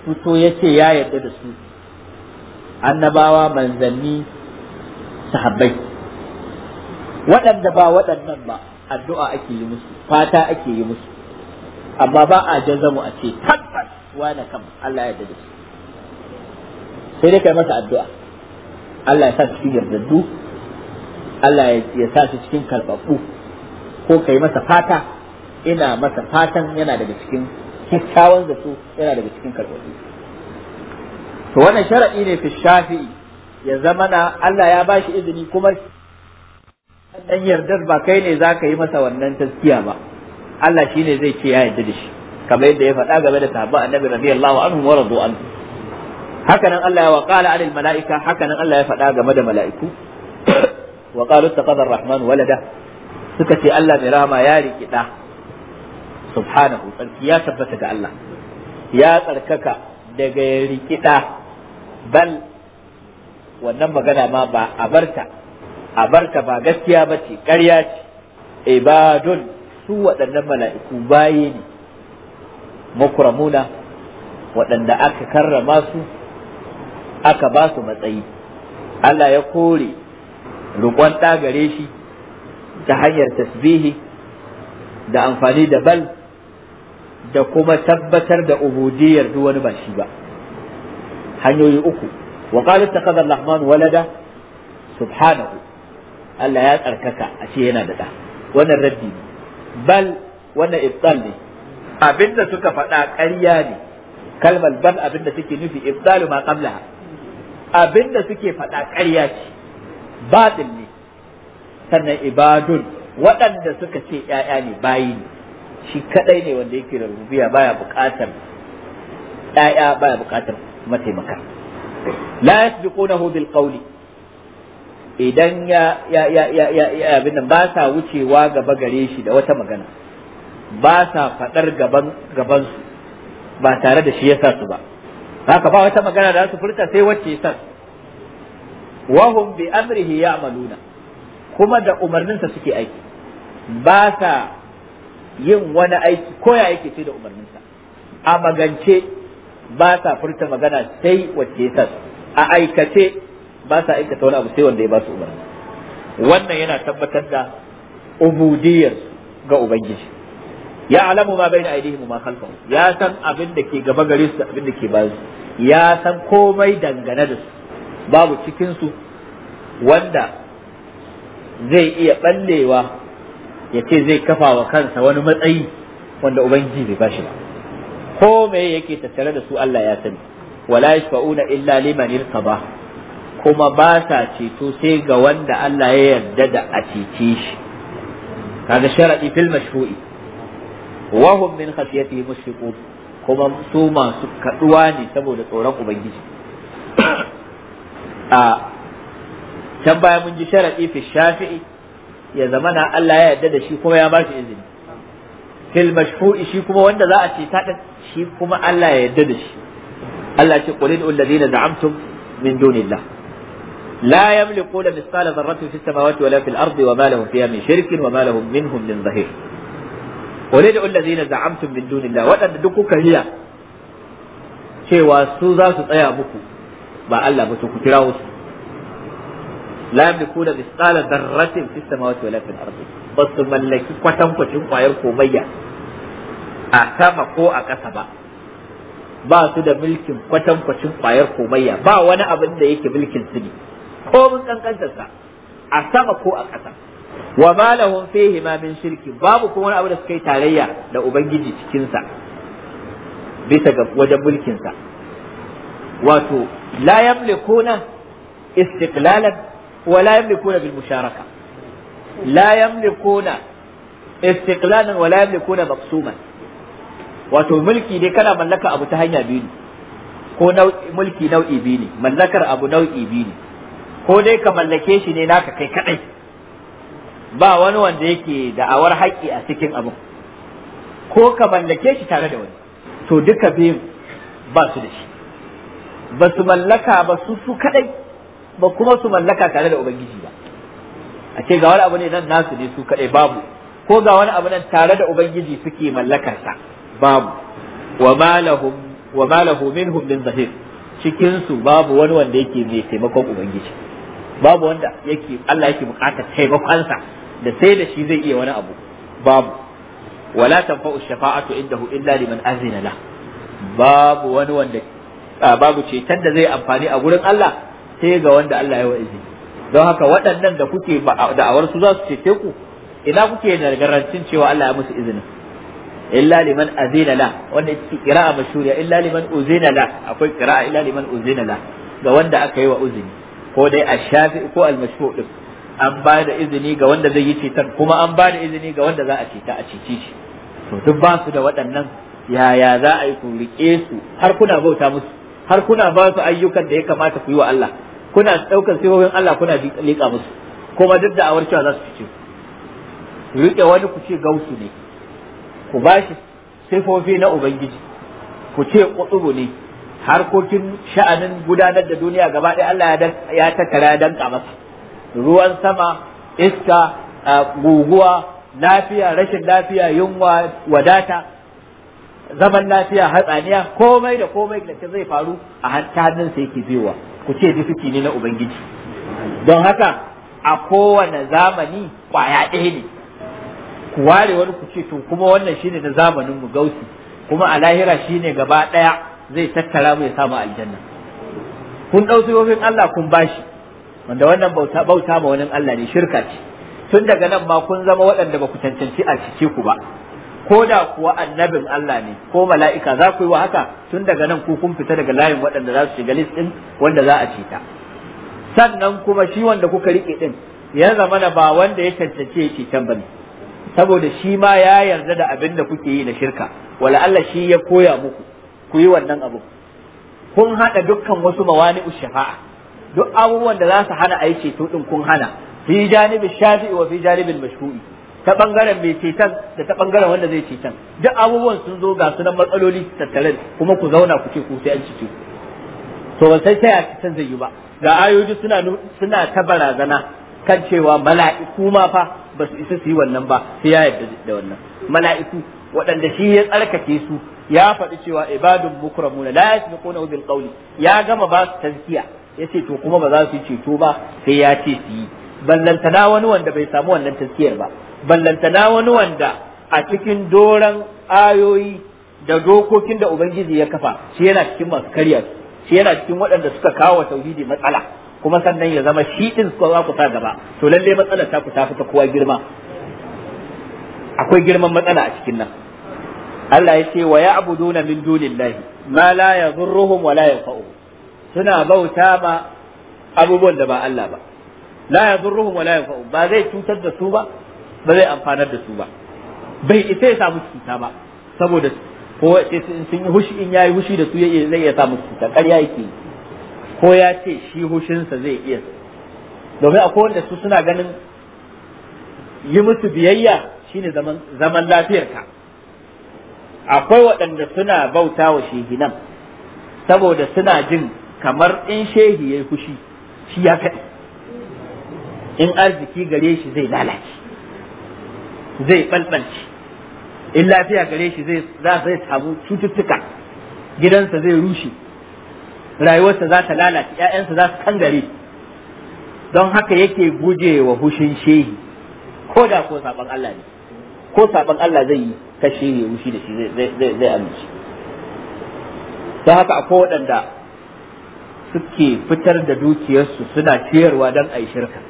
fito ya ce ya yarda da su annabawa manzanni sahabbai waɗanda ba waɗannan ba addu'a ake yi musu fata ake yi musu amma ba a jazamu a ce tabbas wani kam Allah ya yarda da su sai dai kai masa addu'a Allah ya sa su cikin yardaddu Allah ya sa su cikin karɓaɓɓu ko ka yi masa fata ina masa fatan yana daga cikin kyakkyawan zato yana daga cikin karɓaɓɓu to wannan sharaɗi ne fi shafi'i ya zama na Allah ya bashi izini kuma dan yardar ba kai ne za ka yi masa wannan taskiya ba Allah shi ne zai ce ya yarda da shi kamar yadda ya faɗa game da sahabban annabi radiyallahu anhu wa radu anhu haka nan Allah ya wa qala anil malaika haka nan Allah ya faɗa game da mala'iku wa qalu taqadar rahman walada suka ce Allah mai rahama ya riki da subhanahu tsarki ya tabbata ga Allah ya tsarkaka daga ya riki da bal wannan magana ma ba a barta a barta ba gaskiya ba ce ƙarya ce ibadun su waɗannan mala'iku baye ne makramuna waɗanda aka karrama su aka ba su matsayi Allah ya kore roƙon gare shi ta hanyar tasbihi da amfani da bal da kuma tabbatar da ubudiyar duk wani ba shi ba hanyoyi uku wa qala ittakhadha rahman walada subhanahu Allah ya tsarkaka a ce yana da da wannan raddi bal wannan ibtal ne abinda suka faɗa ƙarya ne kalmar bal abinda suke nufi ibtalu ma qablaha abinda suke faɗa ƙarya ce batil ne sannan ibadun waɗanda suka ce ‘ya'ya ne bayi ne shi kaɗai ne wanda yake da rububiya baya buƙatar ‘ya'ya baya buƙatar mataimaka la yasbiqunahu bil qawli idan ya ya ya ya nan ba sa wucewa gaba gare shi da wata magana ba sa faɗar gaban gaban su ba tare da shi ya sa su ba haka ba wata magana da su furta sai wacce ya sa wa hum bi amrihi ya'maluna kuma da umarninsa suke aiki ba sa yin wani aiki koya yake sai da umarninsa a magance ba sa furta magana sai wacce ya a aikace ba sa aikata wani abu sai wanda ya ba su umarni wannan yana tabbatar da ubudiyar ga ubangiji ya alamu ma bai da aidihim ma khalfahum ya san abin da ke gaba gare su abin da ke bayan su ya san komai dangane da su babu cikinsu wanda zai iya ballewa ya ce zai kafa wa kansa wani matsayi wanda ubangiji bai bashi ba ko me yake tattare da su Allah ya sani wala yashfa'una illa liman irtaba kuma ba sa ceto sai ga wanda Allah ya yarda da a cece shi kaga sharadi fil mashru'i wa hum min khashyatihi mushfiqun kuma su masu kaduwa ne saboda tsoron ubangiji a can baya mun ji sharadi fi shafi'i ya zamana Allah ya yarda da shi kuma ya ba shi izini fil mashfu'i shi kuma wanda za a ce ta shi kuma Allah ya yarda da shi Allah ce qul innal ladina za'amtum min dunillah la yamliquna mithqala dharratin fis samawati wala fil ardi wama lahum fiha min shirkin wama lahum minhum min zahir qul innal ladina za'amtum min dunillah wadanda duk kuka riya cewa su za su tsaya muku ba Allah ba to ku kira su la yamlikuna mithqala dharratin fi samawati wala fil ardi basu mallaki kwatan kwacin kwayar komayya a sama ko a ƙasa ba ba su da mulkin kwatan kwacin kwayar komayya ba wani abin da yake mulkin su ne ko mun sa a sama ko a ƙasa wa ma lahum fihi ma min shirki babu kuma wani abu da suka yi tarayya da ubangiji cikin sa bisa ga wajen mulkin sa wato la yamlikuna istiqlalan ولا يملكون بالمشاركة لا يملكون استقلالا ولا يملكون مقسوما wato mulki dai kana mallaka abu ta hanya biyu ne ko mulki nau'i biyu ne mallakar abu nau'i biyu ne ko dai ka mallake shi ne naka kai kadai ba wani wanda yake da'awar haƙƙi a cikin abu. ko ka mallake shi tare da wani to duka biyun ba su da shi ba su mallaka ba su su kadai ba kuma su mallaka tare da ubangiji ba a ce ga wani abu ne nan nasu ne su kaɗai babu ko ga wani abu nan tare da ubangiji suke mallakarsa babu wa malahum wa malahu minhum min zahir cikin su babu wani wanda yake mai taimakon ubangiji babu wanda yake Allah yake bukatar taimakonsa da sai da shi zai iya wani abu babu wala tanfa'u shafa'atu indahu illa liman azina la babu wani wanda babu ceton da zai amfani a gurin Allah sai ga wanda Allah ya wa izini don haka waɗannan da kuke da'awar su za su cece ku ina kuke da garantin cewa Allah ya musu izinin illa liman azina la wanda yake qira'a mashhuriya illa liman uzina la akwai qira'a illa liman uzina la ga wanda aka yi wa uzini ko dai a shafi ko al-mashhur din an ba da izini ga wanda zai yi cita kuma an ba da izini ga wanda za a cita a cici shi to duk ba su da waɗannan yaya za a yi ku rike su har kuna bauta musu har kuna ba su ayyukan da ya kamata ku yi wa Allah kuna ɗaukar sifofin Allah kuna liƙa musu kuma duk da awar cewa za su fice riƙe wani ku ce gausu ne ku ba shi sifofi na ubangiji ku ce ƙutubu ne harkokin sha'anin gudanar da duniya gaba ɗaya Allah ya tattara dan masa ruwan sama iska guguwa lafiya rashin lafiya yunwa wadata zaman lafiya hatsaniya komai da komai da zai faru a hannun sa yake biyowa ku ce difiti ne na ubangiji don haka a kowane zamani kwaya ɗaya ne ku ware wani ku ce to kuma wannan shine na zamanin mu gausi kuma a lahira shine gaba ɗaya zai tattara mu ya samu aljanna kun ɗau sifofin Allah kun bashi wanda wannan bauta bauta ma wani Allah ne shirka ce tun daga nan ma kun zama waɗanda ba ku cancanci a cike ku ba ko da kuwa annabin Allah ne ko mala'ika za ku yi wa haka tun daga nan ku kun fita daga layin waɗanda za su shiga list wanda za a ta sannan kuma shi wanda kuka riƙe ɗin ya zama na ba wanda ya cancanci ya ceton ba saboda shi ma ya yarda da abin da kuke yi na shirka wala Allah shi ya koya muku ku yi wannan abu kun haɗa dukkan wasu mawani shafa'a duk abubuwan da za su hana a yi ceto ɗin kun hana fi janibin shafi'i wa fi janibin mashhuri ta bangaren mai ceton da ta bangaren wanda zai ceton duk abubuwan sun zo ga sunan matsaloli tattalin kuma ku zauna ku ce ku sai an cike to ban sai ta yaki san zai yi ba ga ayoyi suna suna ta barazana kan cewa mala'iku ma fa ba su isa su yi wannan ba sai ya yarda da wannan mala'iku waɗanda shi ya tsarkake su ya faɗi cewa ibadun mukramuna la yasbiquna bil qawli ya gama ba su tazkiya yace to kuma ba za su yi ceto ba sai ya ce su yi ballantana wani wanda bai samu wannan tazkiyar ba ballantana wani wanda a cikin doran ayoyi da dokokin da ubangiji ya kafa shi yana cikin masu karya shi yana cikin waɗanda suka kawo tauhidi matsala kuma sannan ya zama shi din ko za ku sa gaba to lalle matsalar ta ku ta fita kowa girma akwai girman matsala a cikin nan Allah ya ce wa ya'buduna min dunillahi ma la yadhurruhum wa la yanfa'uhum suna bauta ma abubuwan da ba Allah ba la yadhurruhum wa la yanfa'uhum ba zai cutar da su ba ba zai amfanar da su ba bai isa ya samu cuta ba saboda ko sun yi hushi in yayi hushi da su zai iya samu cuta ƙarya yake ko ya ce shi hushinsa zai iya domin akwai wanda su suna ganin yi musu biyayya shine zaman zaman lafiyarka akwai waɗanda suna bauta wa shehinan saboda suna jin kamar in shehi ya yi hushi shi ya kaɗi in arziki gare shi zai lalace zai balbalce in lafiya gare shi zai zai samu cututtuka gidansa zai rushe rayuwarsa za ta lalace ƴaƴansa za su kangare don haka yake guje wa hushin shehi ko da ko saban Allah ne ko saban Allah zai yi kashe ya wushi da shi zai amince don haka akwai waɗanda suke fitar da dukiyarsu suna ciyarwa don a yi shirka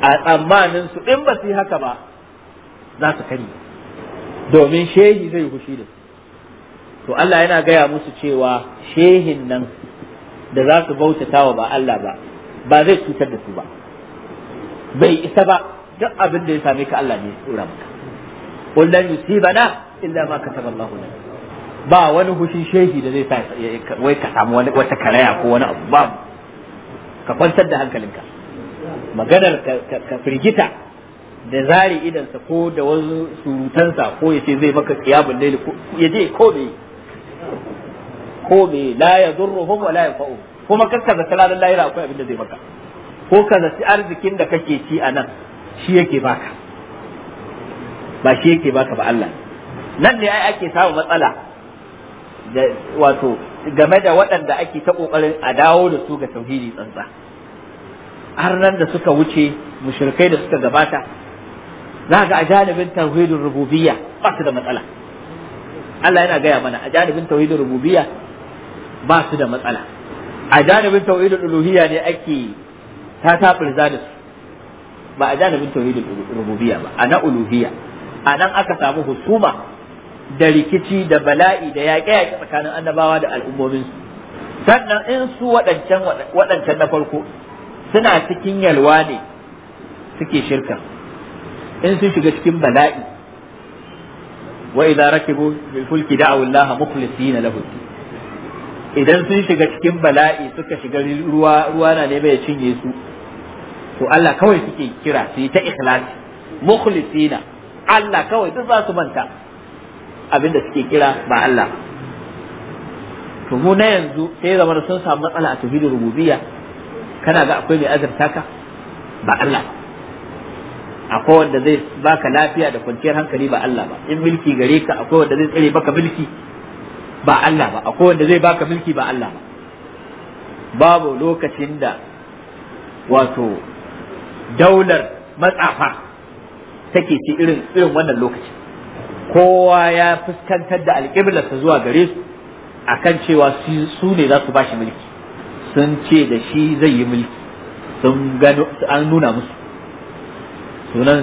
a tsammanin su in ba su yi haka ba za su kare domin shehi zai fushi da to Allah yana gaya musu cewa shehin nan da za su bautata wa ba Allah ba ba zai cutar da su ba bai isa ba duk abin da ya same ka Allah ne tsura tsora maka qul lan yusibana illa ma kataba Allah ba wani hushin shehi da zai sa wai ka samu wata karaya ko wani abu ba ka kwantar da hankalinka maganar ka firgita da zari idansa ko da wasu surutansa ko ya ce zai maka qiyamul layl ya je ko me ko me la hum wa la fa'u kuma kakka da salalan lahira akwai abin da zai maka ko ka zaci arzikin da kake ci a nan shi yake baka ba shi yake baka ba Allah nan ne ai ake samu matsala da wato game da waɗanda ake ta kokarin a dawo da su ga tauhidi tsantsa har nan da suka wuce mushrikai da suka gabata za ga a janibin tauhidin rububiyya ba su da matsala Allah yana gaya mana a janibin tauhidin rububiyya ba su da matsala a janibin tauhidin uluhiyya ne ake ta tabirza da ba a janibin tauhidin rububiyya ba a na uluhiyya a nan aka samu husuma da rikici da bala'i da yaƙe-yaƙe tsakanin annabawa da al'ummominsu sannan in su waɗancan na farko suna cikin yalwa ne suke shirka in sun shiga cikin bala'i wa idza rakibu bil fulki da'u Allah mukhlisin lahu idan sun shiga cikin bala'i suka shiga ruwa ruwa na ne bai cinye su to Allah kawai suke kira su yi ta ikhlasi mukhlisina Allah kawai duk za su manta abinda suke kira ba Allah to mu na yanzu sai zama sun samu matsala a tauhidin rububiyya kana ga akwai mai azurta ka ba Allah akwai wanda zai baka lafiya da kwanciyar hankali ba Allah ba in milki gare ka akwai wanda zai tsare baka milki ba Allah ba akwai wanda zai baka milki ba Allah ba babu lokacin da wato daular matsafa take ci irin irin wannan lokacin kowa ya fuskantar da alƙiblarsa zuwa gare su akan cewa su ne za su bashi milki, sun ce da shi zai yi milki, sun gano an nuna musu sunan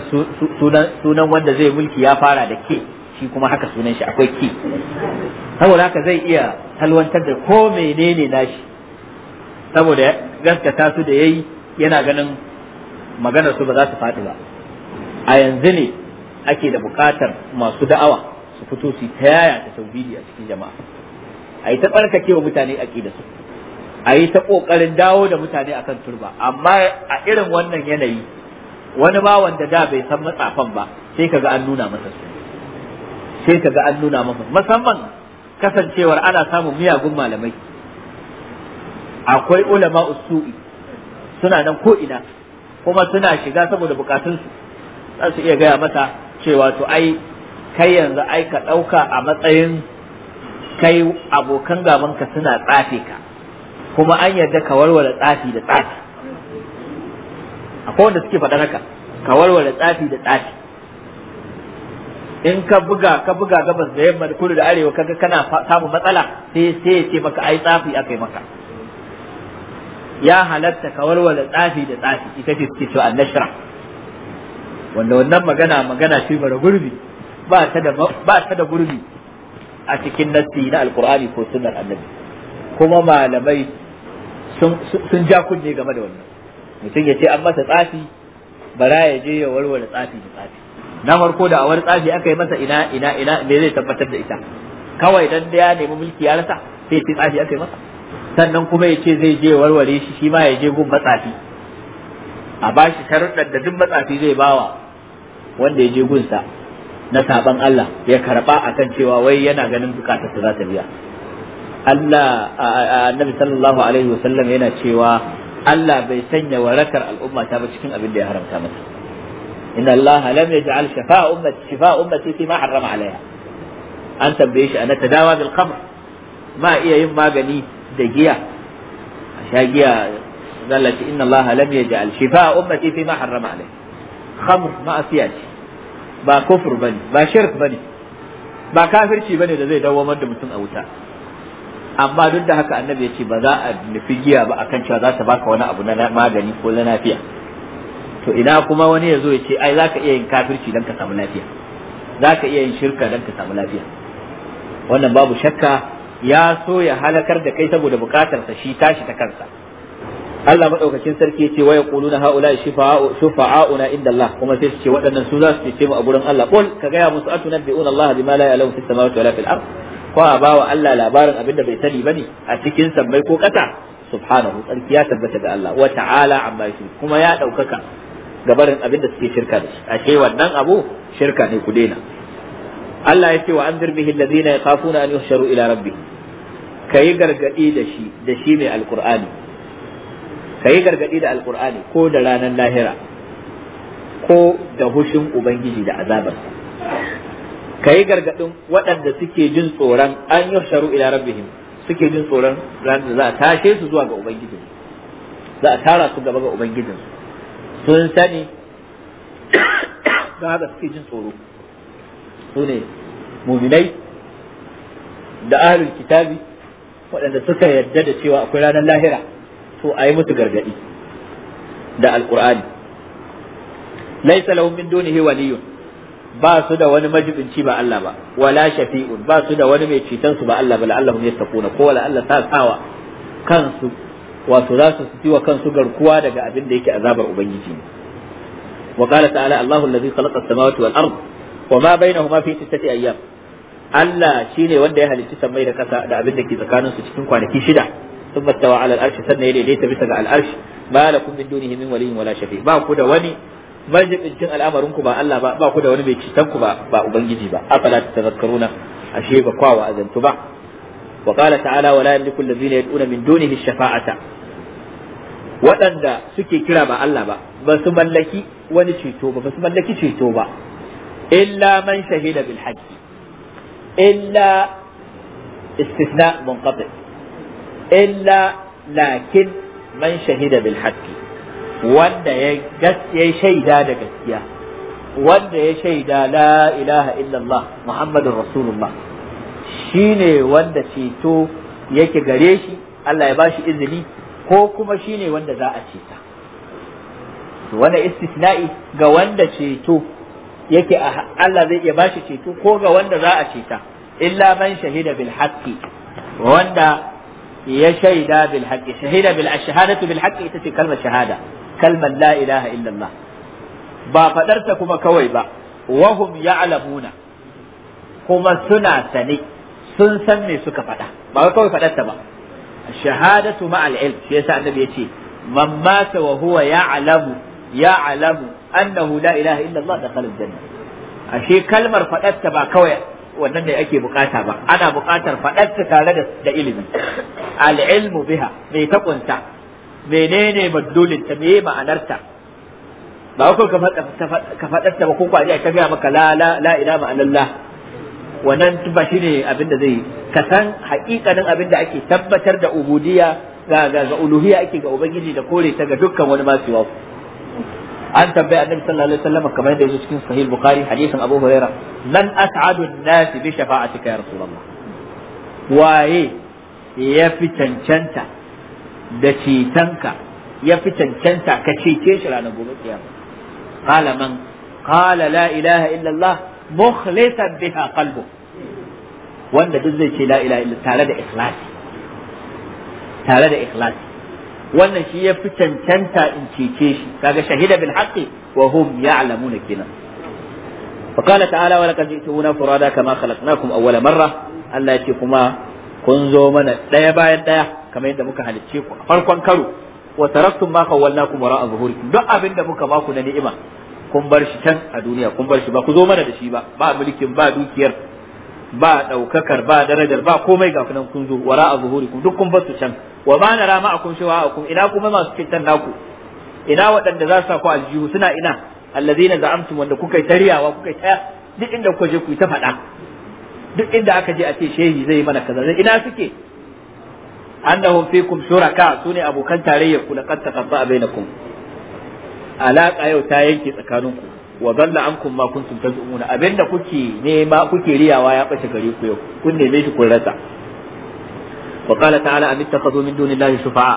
sunan wanda zai mulki ya fara da ke shi kuma haka sunan shi akwai ke saboda haka zai iya talwantar da ko menene nashi saboda gaskata su da yayi yana ganin maganarsu su ba za su faɗi ba a yanzu ne ake da buƙatar masu da'awa su fito su ta yaya ta tauhidi a cikin jama'a a yi ta tsarkake wa mutane da su a yi ta ƙoƙarin dawo da mutane akan turba amma a irin wannan yanayi wani bawan da da bai san matsafan ba sai kaga an nuna masa su sai kaga an nuna masa musamman kasancewar ana samun miyagun malamai akwai ulama usu'i suna nan ko ina kuma suna shiga saboda bukatunsu za su iya gaya mata cewa to ai kai yanzu ai ka ɗauka a matsayin kai abokan gabanka suna tsafe ka kuma an yarda ka warware tsafi da tsafi akwai wanda suke faɗa haka ka warware tsafi da tsafi in ka buga ka buga gabas da yamma da kudu da arewa kaga kana samun matsala sai sai ya ce maka ai tsafi akai maka ya halatta ka warware tsafi da tsafi ita ce suke cewa annashra wanda wannan magana magana ce bara gurbi ba ta da ba ta da gurbi a cikin nassi na alqur'ani ko sunnar annabi kuma malamai sun ja kunne game da wannan mutum ya ce an masa tsafi bara ya je ya warware tsafi da tsafi na farko da awar tsafi aka yi masa ina ina ina me zai tabbatar da ita kawai dan da ya nemi mulki ya rasa sai ce tsafi aka yi masa sannan kuma ya ce zai je ya warware shi shi ma ya je gun matsafi a bashi sharuɗan da duk matsafi zai bawa wanda ya je gunsa na saban Allah ya karba akan cewa wai yana ganin bukatar za ta biya Allah annabi sallallahu alaihi wasallam yana cewa Allah bai sanya warakar al'umma ta ba cikin abin da ya haramta mata inna Allah lam yaj'al shifa ummati shifa ummati fi ma harrama alaiha an tambaye shi ana tadawa bil khamr ma iya yin magani da giya a sha giya zallati inna Allah lam yaj'al shifa ummati fi ma harrama alaiha khamr ma'asiya ce ba kufur bane ba shirk bane ba kafirci bane da zai dawo da mutum a wuta amma duk da haka annabi ya ce ba za a nufi giya ba akan cewa za ta baka wani abu na magani ko na lafiya to ina kuma wani ya zo ya ce ai za ka iya yin kafirci don ka samu lafiya za ka iya yin shirka don ka samu lafiya wannan babu shakka ya so ya halakar da kai saboda sa shi tashi ta kansa Allah madaukakin sarki ya ce wa yaquluna haula shufa'auna inda Allah kuma sai su ce waɗannan su za su ce mu a gurin Allah qul ka ga ya musu atunabbi'una Allah bima la ya'lamu fis samawati wala fil ard ko a bawa Allah labarin abin da bai sani bane a cikin sammai ko kasa subhanahu tsarki ya tabbata ga Allah wa ta'ala amma shi kuma ya daukaka gabarin abin da suke shirka da shi ashe wannan abu shirka ne ku daina Allah ya ce wa anzir bihi alladhina yakhafuna an yuhsharu ila rabbihim kayi gargadi da shi da shi mai alqur'ani kayi gargadi da alqur'ani ko da ranar lahira ko da hushin ubangiji da azabarsa kai gargadin waɗanda suke jin tsoron an sharu ila rabbihim suke jin tsoron ranar da za a tashe su zuwa ga ubangiji za a tara su gaba ga ubangiji sun sani da haka suke jin tsoro su ne muminai da ahlul kitabi waɗanda suka yarda da cewa akwai ranar lahira to a yi musu gargadi da alqur'ani laysa lahum min dunihi waliyun ba su da wani majibinci ba Allah ba wala shafi'un ba su da wani mai citan su ba Allah ba la'allahum yattaquna ko wala Allah ta tsawa kansu wato za su ji wa kansu garkuwa daga abin da yake azabar ubangiji wa qala ta'ala Allahu allazi khalaqa as-samawati wal ard wa ma bainahuma fi sittati ayyam Allah shine wanda ya halicci sammai da kasa da abin da ke tsakanin su cikin kwanaki shida thumma tawa 'ala al-arshi sannan ya daidaita bisa ga al-arshi ma lakum min dunihi min waliyyin wala shafi' ba ku da wani majibincin al'amarin ku ba Allah ba ba ku da wani mai citan ku ba ba ubangiji ba afala tazakkaruna ashe ba kwawa azantu ba wa qala ta'ala wala yamliku allazina yad'una min dunihi shafa'ata waɗanda suke kira ba Allah ba ba su mallaki wani ceto ba ba su mallaki ceto ba illa man shahida bil haqqi illa istithna munqati illa lakin man shahida bil haqqi wanda ya gaskiya shaida da gaskiya wanda ya shaida la ilaha illallah muhammadun rasulullah ne wanda ceto yake gare shi Allah ya ba shi izini ko kuma shi ne wanda za a ceta wanda istisna'i ga wanda ceto yake Allah zai iya shi ceto ko ga wanda za a ceta illa man shahida bil haqqi wanda ya shaida bil haqqi shahida bil shahadatu bil haqqi ita ce kalmar shahada kalmar la ilaha illallah ba faɗarta kuma kawai ba wahum ya'lamuna kuma suna sane sun san me suka faɗa ba kawai faɗarta ba shahadatu ma al-ilm shi yasa annabi yace man mata wa huwa ya'lamu ya'lamu annahu la ilaha illallah dakhala janna ashe kalmar faɗarta ba kawai wannan ne ake bukata ba ana bukatar faɗarta tare da ilimi al'ilmu biha mai ta kunta menene Madulin ta me ma'anarta ba ku ka faɗarta ba ko kwaje ta gaya maka la la la ila ma'anallah wannan ba shi ne abin da zai ka san haƙiƙanin abin da ake tabbatar da ubudiyya ga ga ga uluhiyya ake ga ubangiji da kore ta ga dukkan wani masu yawa an tambaye annabi sallallahu alaihi wasallam kamar yadda yake cikin sahih bukhari hadisin abu huraira lan as'adu an-nas bi shafa'atika ya rasulullah waye ya fi cancanta da cetonka ya fi cancanta ka cece shi ranar gobe kiyama qala man qala la ilaha illa Allah mukhlisan biha qalbu wanda duk zai ce la ilaha illa tare da ikhlasi tare da ikhlasi wannan shi ya fi cancanta in cece shi kaga shahida bil haqqi wa hum ya'lamuna kenan فقال تعالى ولقد جئتمونا فرادا كما خلقناكم أول مرة الله ce kuma. kun zo mana ɗaya bayan ɗaya kamar yadda muka halicce ku a farkon karo wa taraktum ma khawwalnakum wara'a zuhurikum duk abin da muka ba ku na ni'ima kun bar shi can a duniya kun bar shi ba ku zo mana da shi ba ba mulkin ba dukiyar ba daukakar ba darajar ba komai ga kunan kun zo wara'a zuhurikum duk kun bar su can wa ma nara ma'akum shawa'akum ina kuma masu fitan naku ina waɗanda za su sa ku aljihu suna ina allazina za'amtum wanda kuka yi tariyawa kuka yi ta duk inda kuka je ku yi ta faɗa duk inda aka je a ce shehi zai mana kaza ina suke annahum fikum shuraka sune abokan tarayyar ku laqad taqatta bainakum alaka yau ta yanke tsakaninku wa dalla ankum ma kuntum tazumuna abinda kuke nema kuke riyawa ya bace gare ku yau kun neme shi kun rasa wa qala ta'ala am ittakhadhu min dunillahi shufa'a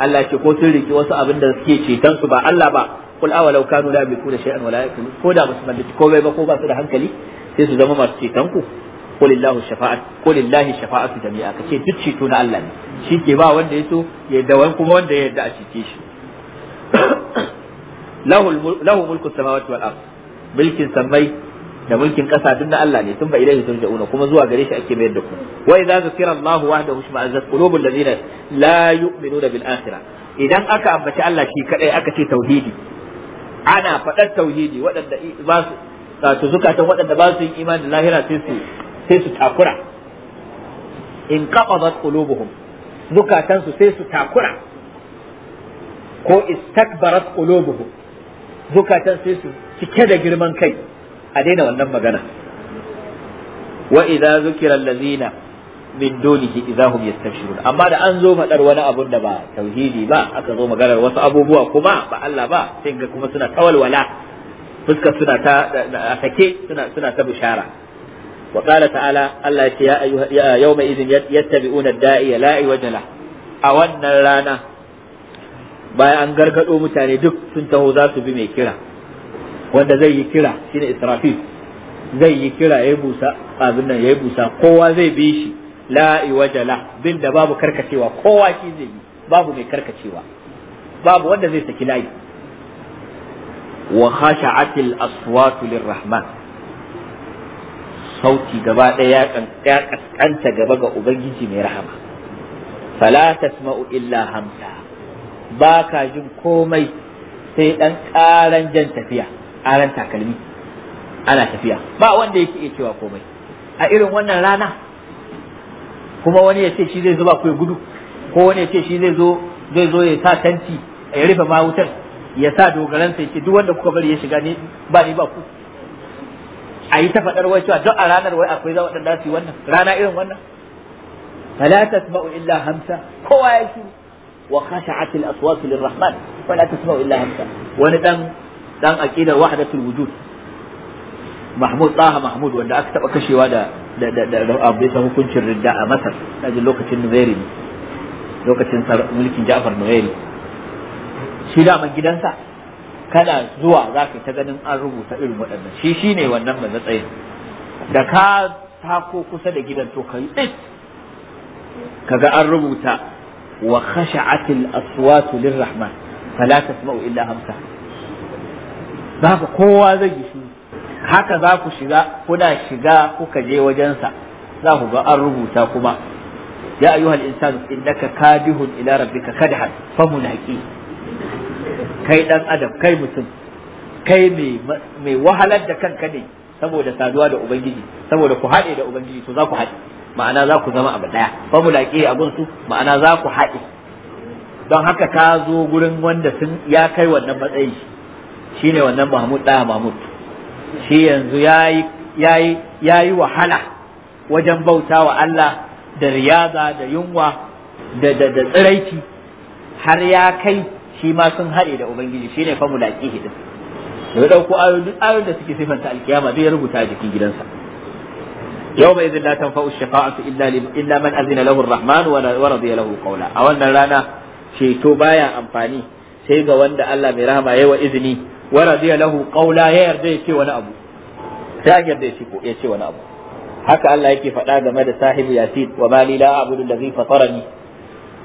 Allah ce ko sun riki wasu abinda suke dan su ba Allah ba kul law kanu la yakunu shay'an wala yakun ko da musu ko bai ba ko ba su da hankali sai su zama masu ceton ku qulillahu shafa'at qulillahi shafa'atu jami'a kace duk ceto na Allah ne shi ke ba wanda ya so ya da wani kuma wanda ya yarda a cece shi lahu mulku samawati wal ard mulkin sammai da mulkin kasa duk na Allah ne sun ba ilaihi turja'una kuma zuwa gare shi ake mayar da ku wa idza zikira Allahu wahdahu shma'azzat qulubul ladina la yu'minuna bil akhirah idan aka ambaci Allah shi kadai aka ce tauhidi ana faɗar tauhidi waɗanda ba su zukatan waɗanda ba su yi imani da lahira sai su sai su takura in qabadat qulubuhum su sai su takura ko istakbarat qulubuhum zukatan sai su cike da girman kai a daina wannan magana wa idza zukira allazina min dunihi idza hum yastabshirun amma da an zo fadar wani abun da ba tauhidi ba aka zo maganar wasu abubuwa kuma ba Allah ba sai ga kuma suna tawalwala fuskar suna ta a sake suna suna ta bishara wa qala Allah ya ce ya yawma idin yattabi'una da'iya la wajala a wannan rana bayan an gargado mutane duk sun taho za su bi mai kira wanda zai yi kira shine israfil zai yi kira yayi busa abin nan yayi busa kowa zai bi shi wajala bin da babu karkacewa kowa zai yi babu mai karkacewa babu wanda zai saki layi wa khasha'atil aswatu lirrahman sauti gaba ɗaya ya ƙasƙanta gaba ga ubangiji mai rahama fala tasma'u illa hamsa ba ka jin komai sai dan ƙaran jan tafiya ƙaran takalmi ana tafiya ba wanda yake iya cewa komai a irin wannan rana kuma wani ya ce shi zai zuba ya gudu ko wani ya ce shi zai zo zai zo ya sa tanti ya rufe mawutar, ya sa dogaransa ya ce duk wanda kuka bari ya shiga ne ba ni ba ku a yi ta faɗar wai cewa duk a ranar wai akwai za waɗanda su yi wannan rana irin wannan fala tasma'u illa hamsa kowa ya shi wa khashi'at al-aswat lirrahman fala tasma'u illa hamsa wani dan dan aqidar wahdatul wujud Mahmud Taha Mahmud wanda aka taba kashewa da da da abu bisa hukuncin ridda a Masar daga lokacin Nuwairi lokacin mulkin Ja'far Nuwairi shi da man gidansa kana zuwa za ka ta ganin an rubuta irin waɗannan shi shi ne wannan mai matsayin da ka tako kusa da gidan to kai ɗin kaga an rubuta wa khasha'atil aswatu lirrahman fala tasma'u illa hamsa kowa zai shi haka za ku shiga kuna shiga kuka je wajensa za ku ga an rubuta kuma ya ayyuhal insanu innaka kadihun ila rabbika kadhan famulaqi kai dan adam kai mutum kai mai wahalar da kanka ne saboda saduwa da ubangiji saboda ku haɗe da ubangiji to za ku haɗe ma'ana za ku zama abu ɗaya mu mulaƙi a su ma'ana za ku haɗe don haka ka zo gurin wanda sun ya kai wannan matsayi shine wannan mahmud ɗaya mahmud shi yanzu yayi yayi yayi wahala wajen bauta wa Allah da riyaza da yunwa da da tsiraici har ya kai shi ma sun haɗe da ubangiji shine fa mulaqihi din da ya ayoyin da suke sifanta alkiyama zai rubuta a jikin gidansa bai idhin la fau shafa'atu illa illa man azina lahu rahman wa radiya lahu qawla a wannan rana ceto baya amfani sai ga wanda Allah mai rahama yayi wa izini wa radiya lahu qawla ya yarda ya ce wani abu sai yarda ya ce ko ya ce wani abu haka Allah yake faɗa game da sahibu yasin wa mali la a'budu allazi fatarani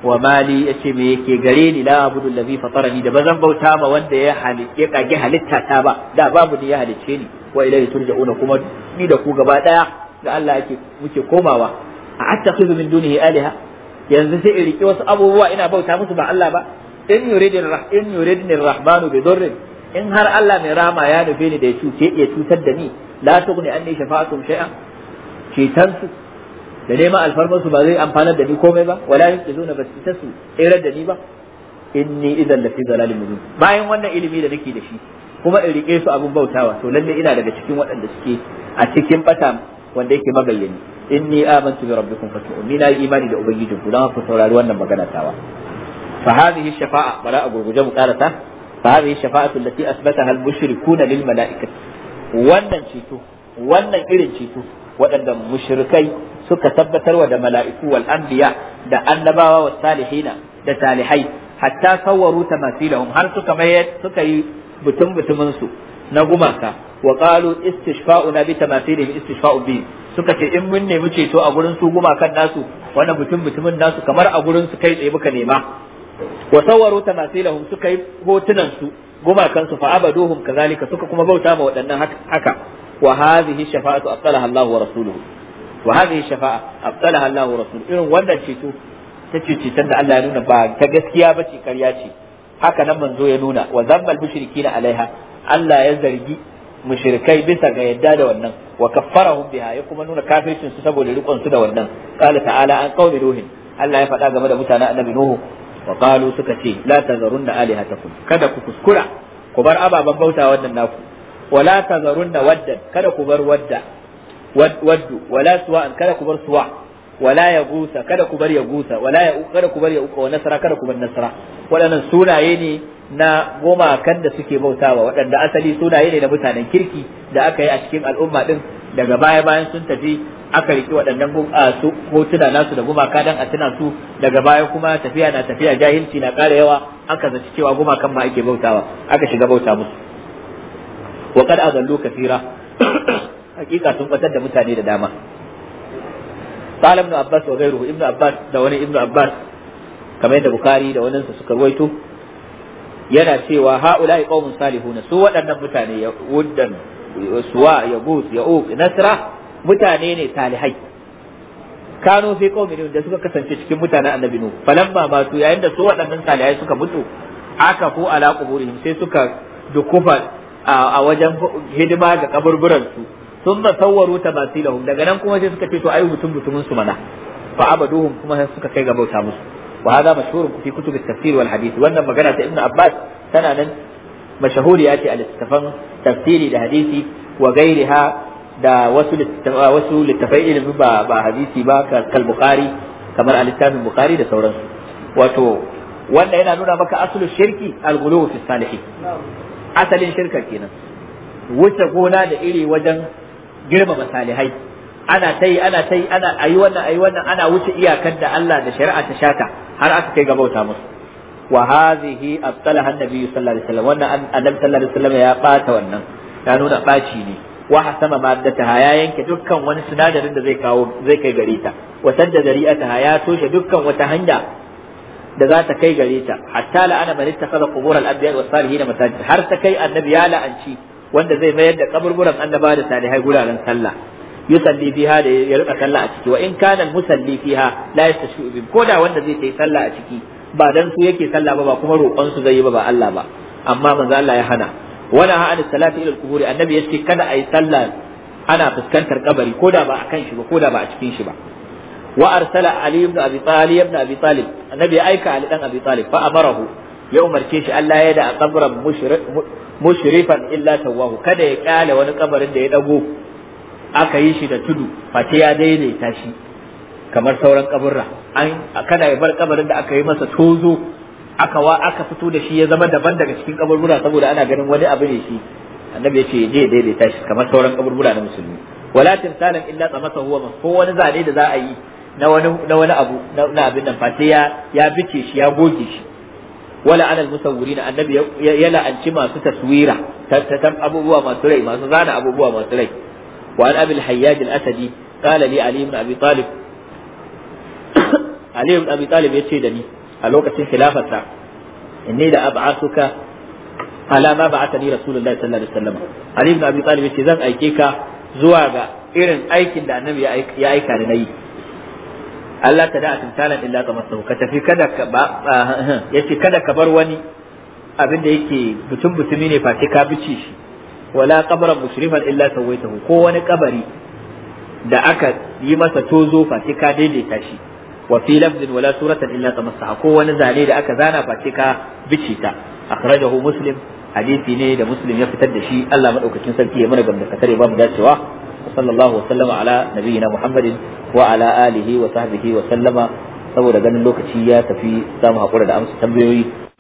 wa ya ce me yake gare ni la abudu allazi fatarani da bazan bauta ma wanda ya halitta kage halitta ta ba da babu ni ya halicce ni wa ilayhi turja'una kuma ni da ku gaba daya ga Allah muke komawa a attakhidhu min dunihi alaha yanzu sai in rike wasu abubuwa ina bauta musu ba Allah ba in yuridin in rahmanu bi durrin in har Allah mai rama ya nufe ni da ya cuce cutar da ni la tughni anni shafa'atum shay'an cetan su da nema alfarmar su ba zai amfanar da ni komai ba wala yaqizuna su irar da ni ba inni idan lafi zalalin mubin bayan wannan ilimi da nake da shi kuma in rike su abin bautawa to lalle ina daga cikin waɗanda suke a cikin bata wanda yake magayyani inni amantu bi rabbikum fatu'u ni na imani da ubangijin ku dan ku saurari wannan magana tawa fa hadhihi shafa'a bara a gurguje mu karata fa hadhihi shafa'atu allati asbataha al-mushrikuna lil mala'ikati wannan ceto wannan irin ceto waɗanda mushrikai suka tabbatarwa da mala'iku wal anbiya da annabawa wa salihina da salihai hatta sawwaru tamasilahum har suka mayar suka yi butun butumin su na gumaka wa qalu istishfa'una bi tamasilihim istishfa'u bi suka ce in mun nemi ceto a gurin su gumakan nasu wannan butun butumin nasu kamar a gurin su kai tsaye muka nema wa sawwaru tamasilahum suka yi hotunan su gumakan su fa abaduhum kazalika suka kuma bauta ma waɗannan haka wa hadhihi shafa'atu aqalaha Allah Allah wa rasuluhu irin wannan ceto ta ceton da Allah ya nuna ba ta gaskiya ba ce karya ce haka nan manzo ya nuna wa zambal mushrikina alaiha Allah ya zargi mushrikai bisa ga yadda da wannan wa kaffarahum biha ya kuma nuna kafincinsu saboda rikon su da wannan qala ta'ala an qaumi nuhin Allah ya faɗa game da mutanen annabi nuhu wa qalu suka ce la tazarunna alihatakum kada ku kuskura ku bar ababen bauta wannan naku wala tazarunna waddan kada ku bar wadda waddu wala suwa kada ku bar suwa wala ya gusa kada ku bar ya gusa wala ya kada ku bar ya uka wa nasara kada ku bar nasara waɗannan sunaye ne na goma kan da suke bautawa waɗanda asali sunaye ne na mutanen kirki da aka yi a cikin al'umma din daga baya bayan sun tafi aka riki waɗannan su hotuna nasu da gumaka dan a tuna su daga baya kuma tafiya na tafiya jahilci na ƙara yawa aka zaci cewa goma gumakan ma ake bautawa aka shiga bauta musu wa qad adallu kathira hakika sun da mutane da dama qala ibn abbas wa ghayruhu ibn abbas da wani ibn abbas kamar yadda bukari da wani suka ruwaito yana cewa haula'i qaumun salihuna su waɗannan mutane ya wuddan suwa ya gut ya uq nasra mutane ne salihai kano fi qaumin da suka kasance cikin mutanen annabi nu falamma ma yayin da su waɗannan salihai suka mutu aka ko ala quburihim sai suka dukufa a wajen hidima ga kaburburan su sun ba sawwaru tamasilahum daga nan kuma sai suka ce to ai mutum mutumin su mana fa abaduhum kuma sai suka kai ga bauta musu wa hada mashhurun fi kutub tafsir wal hadith wannan magana ta ibnu abbas tana nan mashahuriya ce a littafan tafsiri da hadisi wa gairiha da wasu wasu littafai ilimi ba ba hadisi ba kal bukhari kamar al-littafin bukhari da sauransu wato wanda yana nuna maka asulul shirki al-ghulu fi salihin asalin shirka kenan wuce gona da iri wajen girmama salihai ana ta yi ana ta yi ana ayi wannan ayi wannan ana wuce iyakar da Allah da shari'a ta shata har aka kai ga bauta musu wa hadhihi abtalaha annabi sallallahu alaihi wasallam wannan annabi sallallahu alaihi wasallam ya bata wannan ya nuna baci ne wa hasama maddataha ya yanke dukkan wani sinadarin da zai kawo zai kai gare ta wa sadda zari'ataha ya toshe dukkan wata hanya da za ta kai gare ta hatta la'ana man ittakhadha qubur al-anbiya wa salihin masajid har ta kai annabi ya la'anci wanda zai mayar da kaburburan annaba da salihai guraren sallah yusalli ha da ya rika sallah a ciki wa in kana musalli fiha la yastashi'u bi koda wanda zai yi sallah a ciki ba dan su yake sallah ba ba kuma roƙon su zai yi ba ba Allah ba amma manzo Allah ya hana wala ha'an salati ila al-qubur annabi yace kada ayi sallah ana fuskantar kabari koda ba akan shi ba koda ba a cikin shi ba wa arsala ali ibn abi talib ibn abi talib annabi aika ali dan abi talib fa amarahu ya umarce shi Allah ya da qabran mushrifan illa tawahu kada ya kyale wani kabarin da ya dago aka yi shi da tudu face ya daidaita shi kamar sauran kaburra an kada ya bar kabarin da aka yi masa tozo aka wa aka fito da shi ya zama daban daga cikin kaburbura saboda ana ganin wani abu ne shi annabi ya ce je daidaita shi kamar sauran kaburbura na musulmi wala timsalan illa tsamasa huwa ko wani zane da za a yi na wani na wani abu na abin nan fa sai ya ya bice shi ya goge shi wala alal musawwirin annabi ya la'anci masu taswira tattatan abubuwa masu rai masu zana abubuwa masu rai wa an abil hayyaj al asadi qala li ali ibn abi talib ali ibn abi talib yace da ni a lokacin khilafarsa inni da ab'asuka ala ma ba'athani rasulullahi sallallahu alaihi wasallam ali ibn abi talib ce zan aike ka zuwa ga irin aikin da annabi ya aika da nayi Allah ta da a timsalan illa ga masau ka tafi kada ka ba ce kada ka bar wani abin da yake butun butumi ne face ka bice shi wala qabran mushrifan illa sawaitahu ko wani kabari da aka yi masa tozo face ka daidaita shi wa fi lafzin wala suratan illa tamassaha ko wani zane da aka zana face ka bice ta akhrajahu muslim hadisi ne da muslim ya fitar da shi Allah madaukakin sarki ya mana gamdakatar ya ba mu dacewa sallallahu wasallama ala nabiyina muhammadin wa ala alihi wa sahbihi wa sallama saboda ganin lokaci ya tafi samu hakura da tambayoyi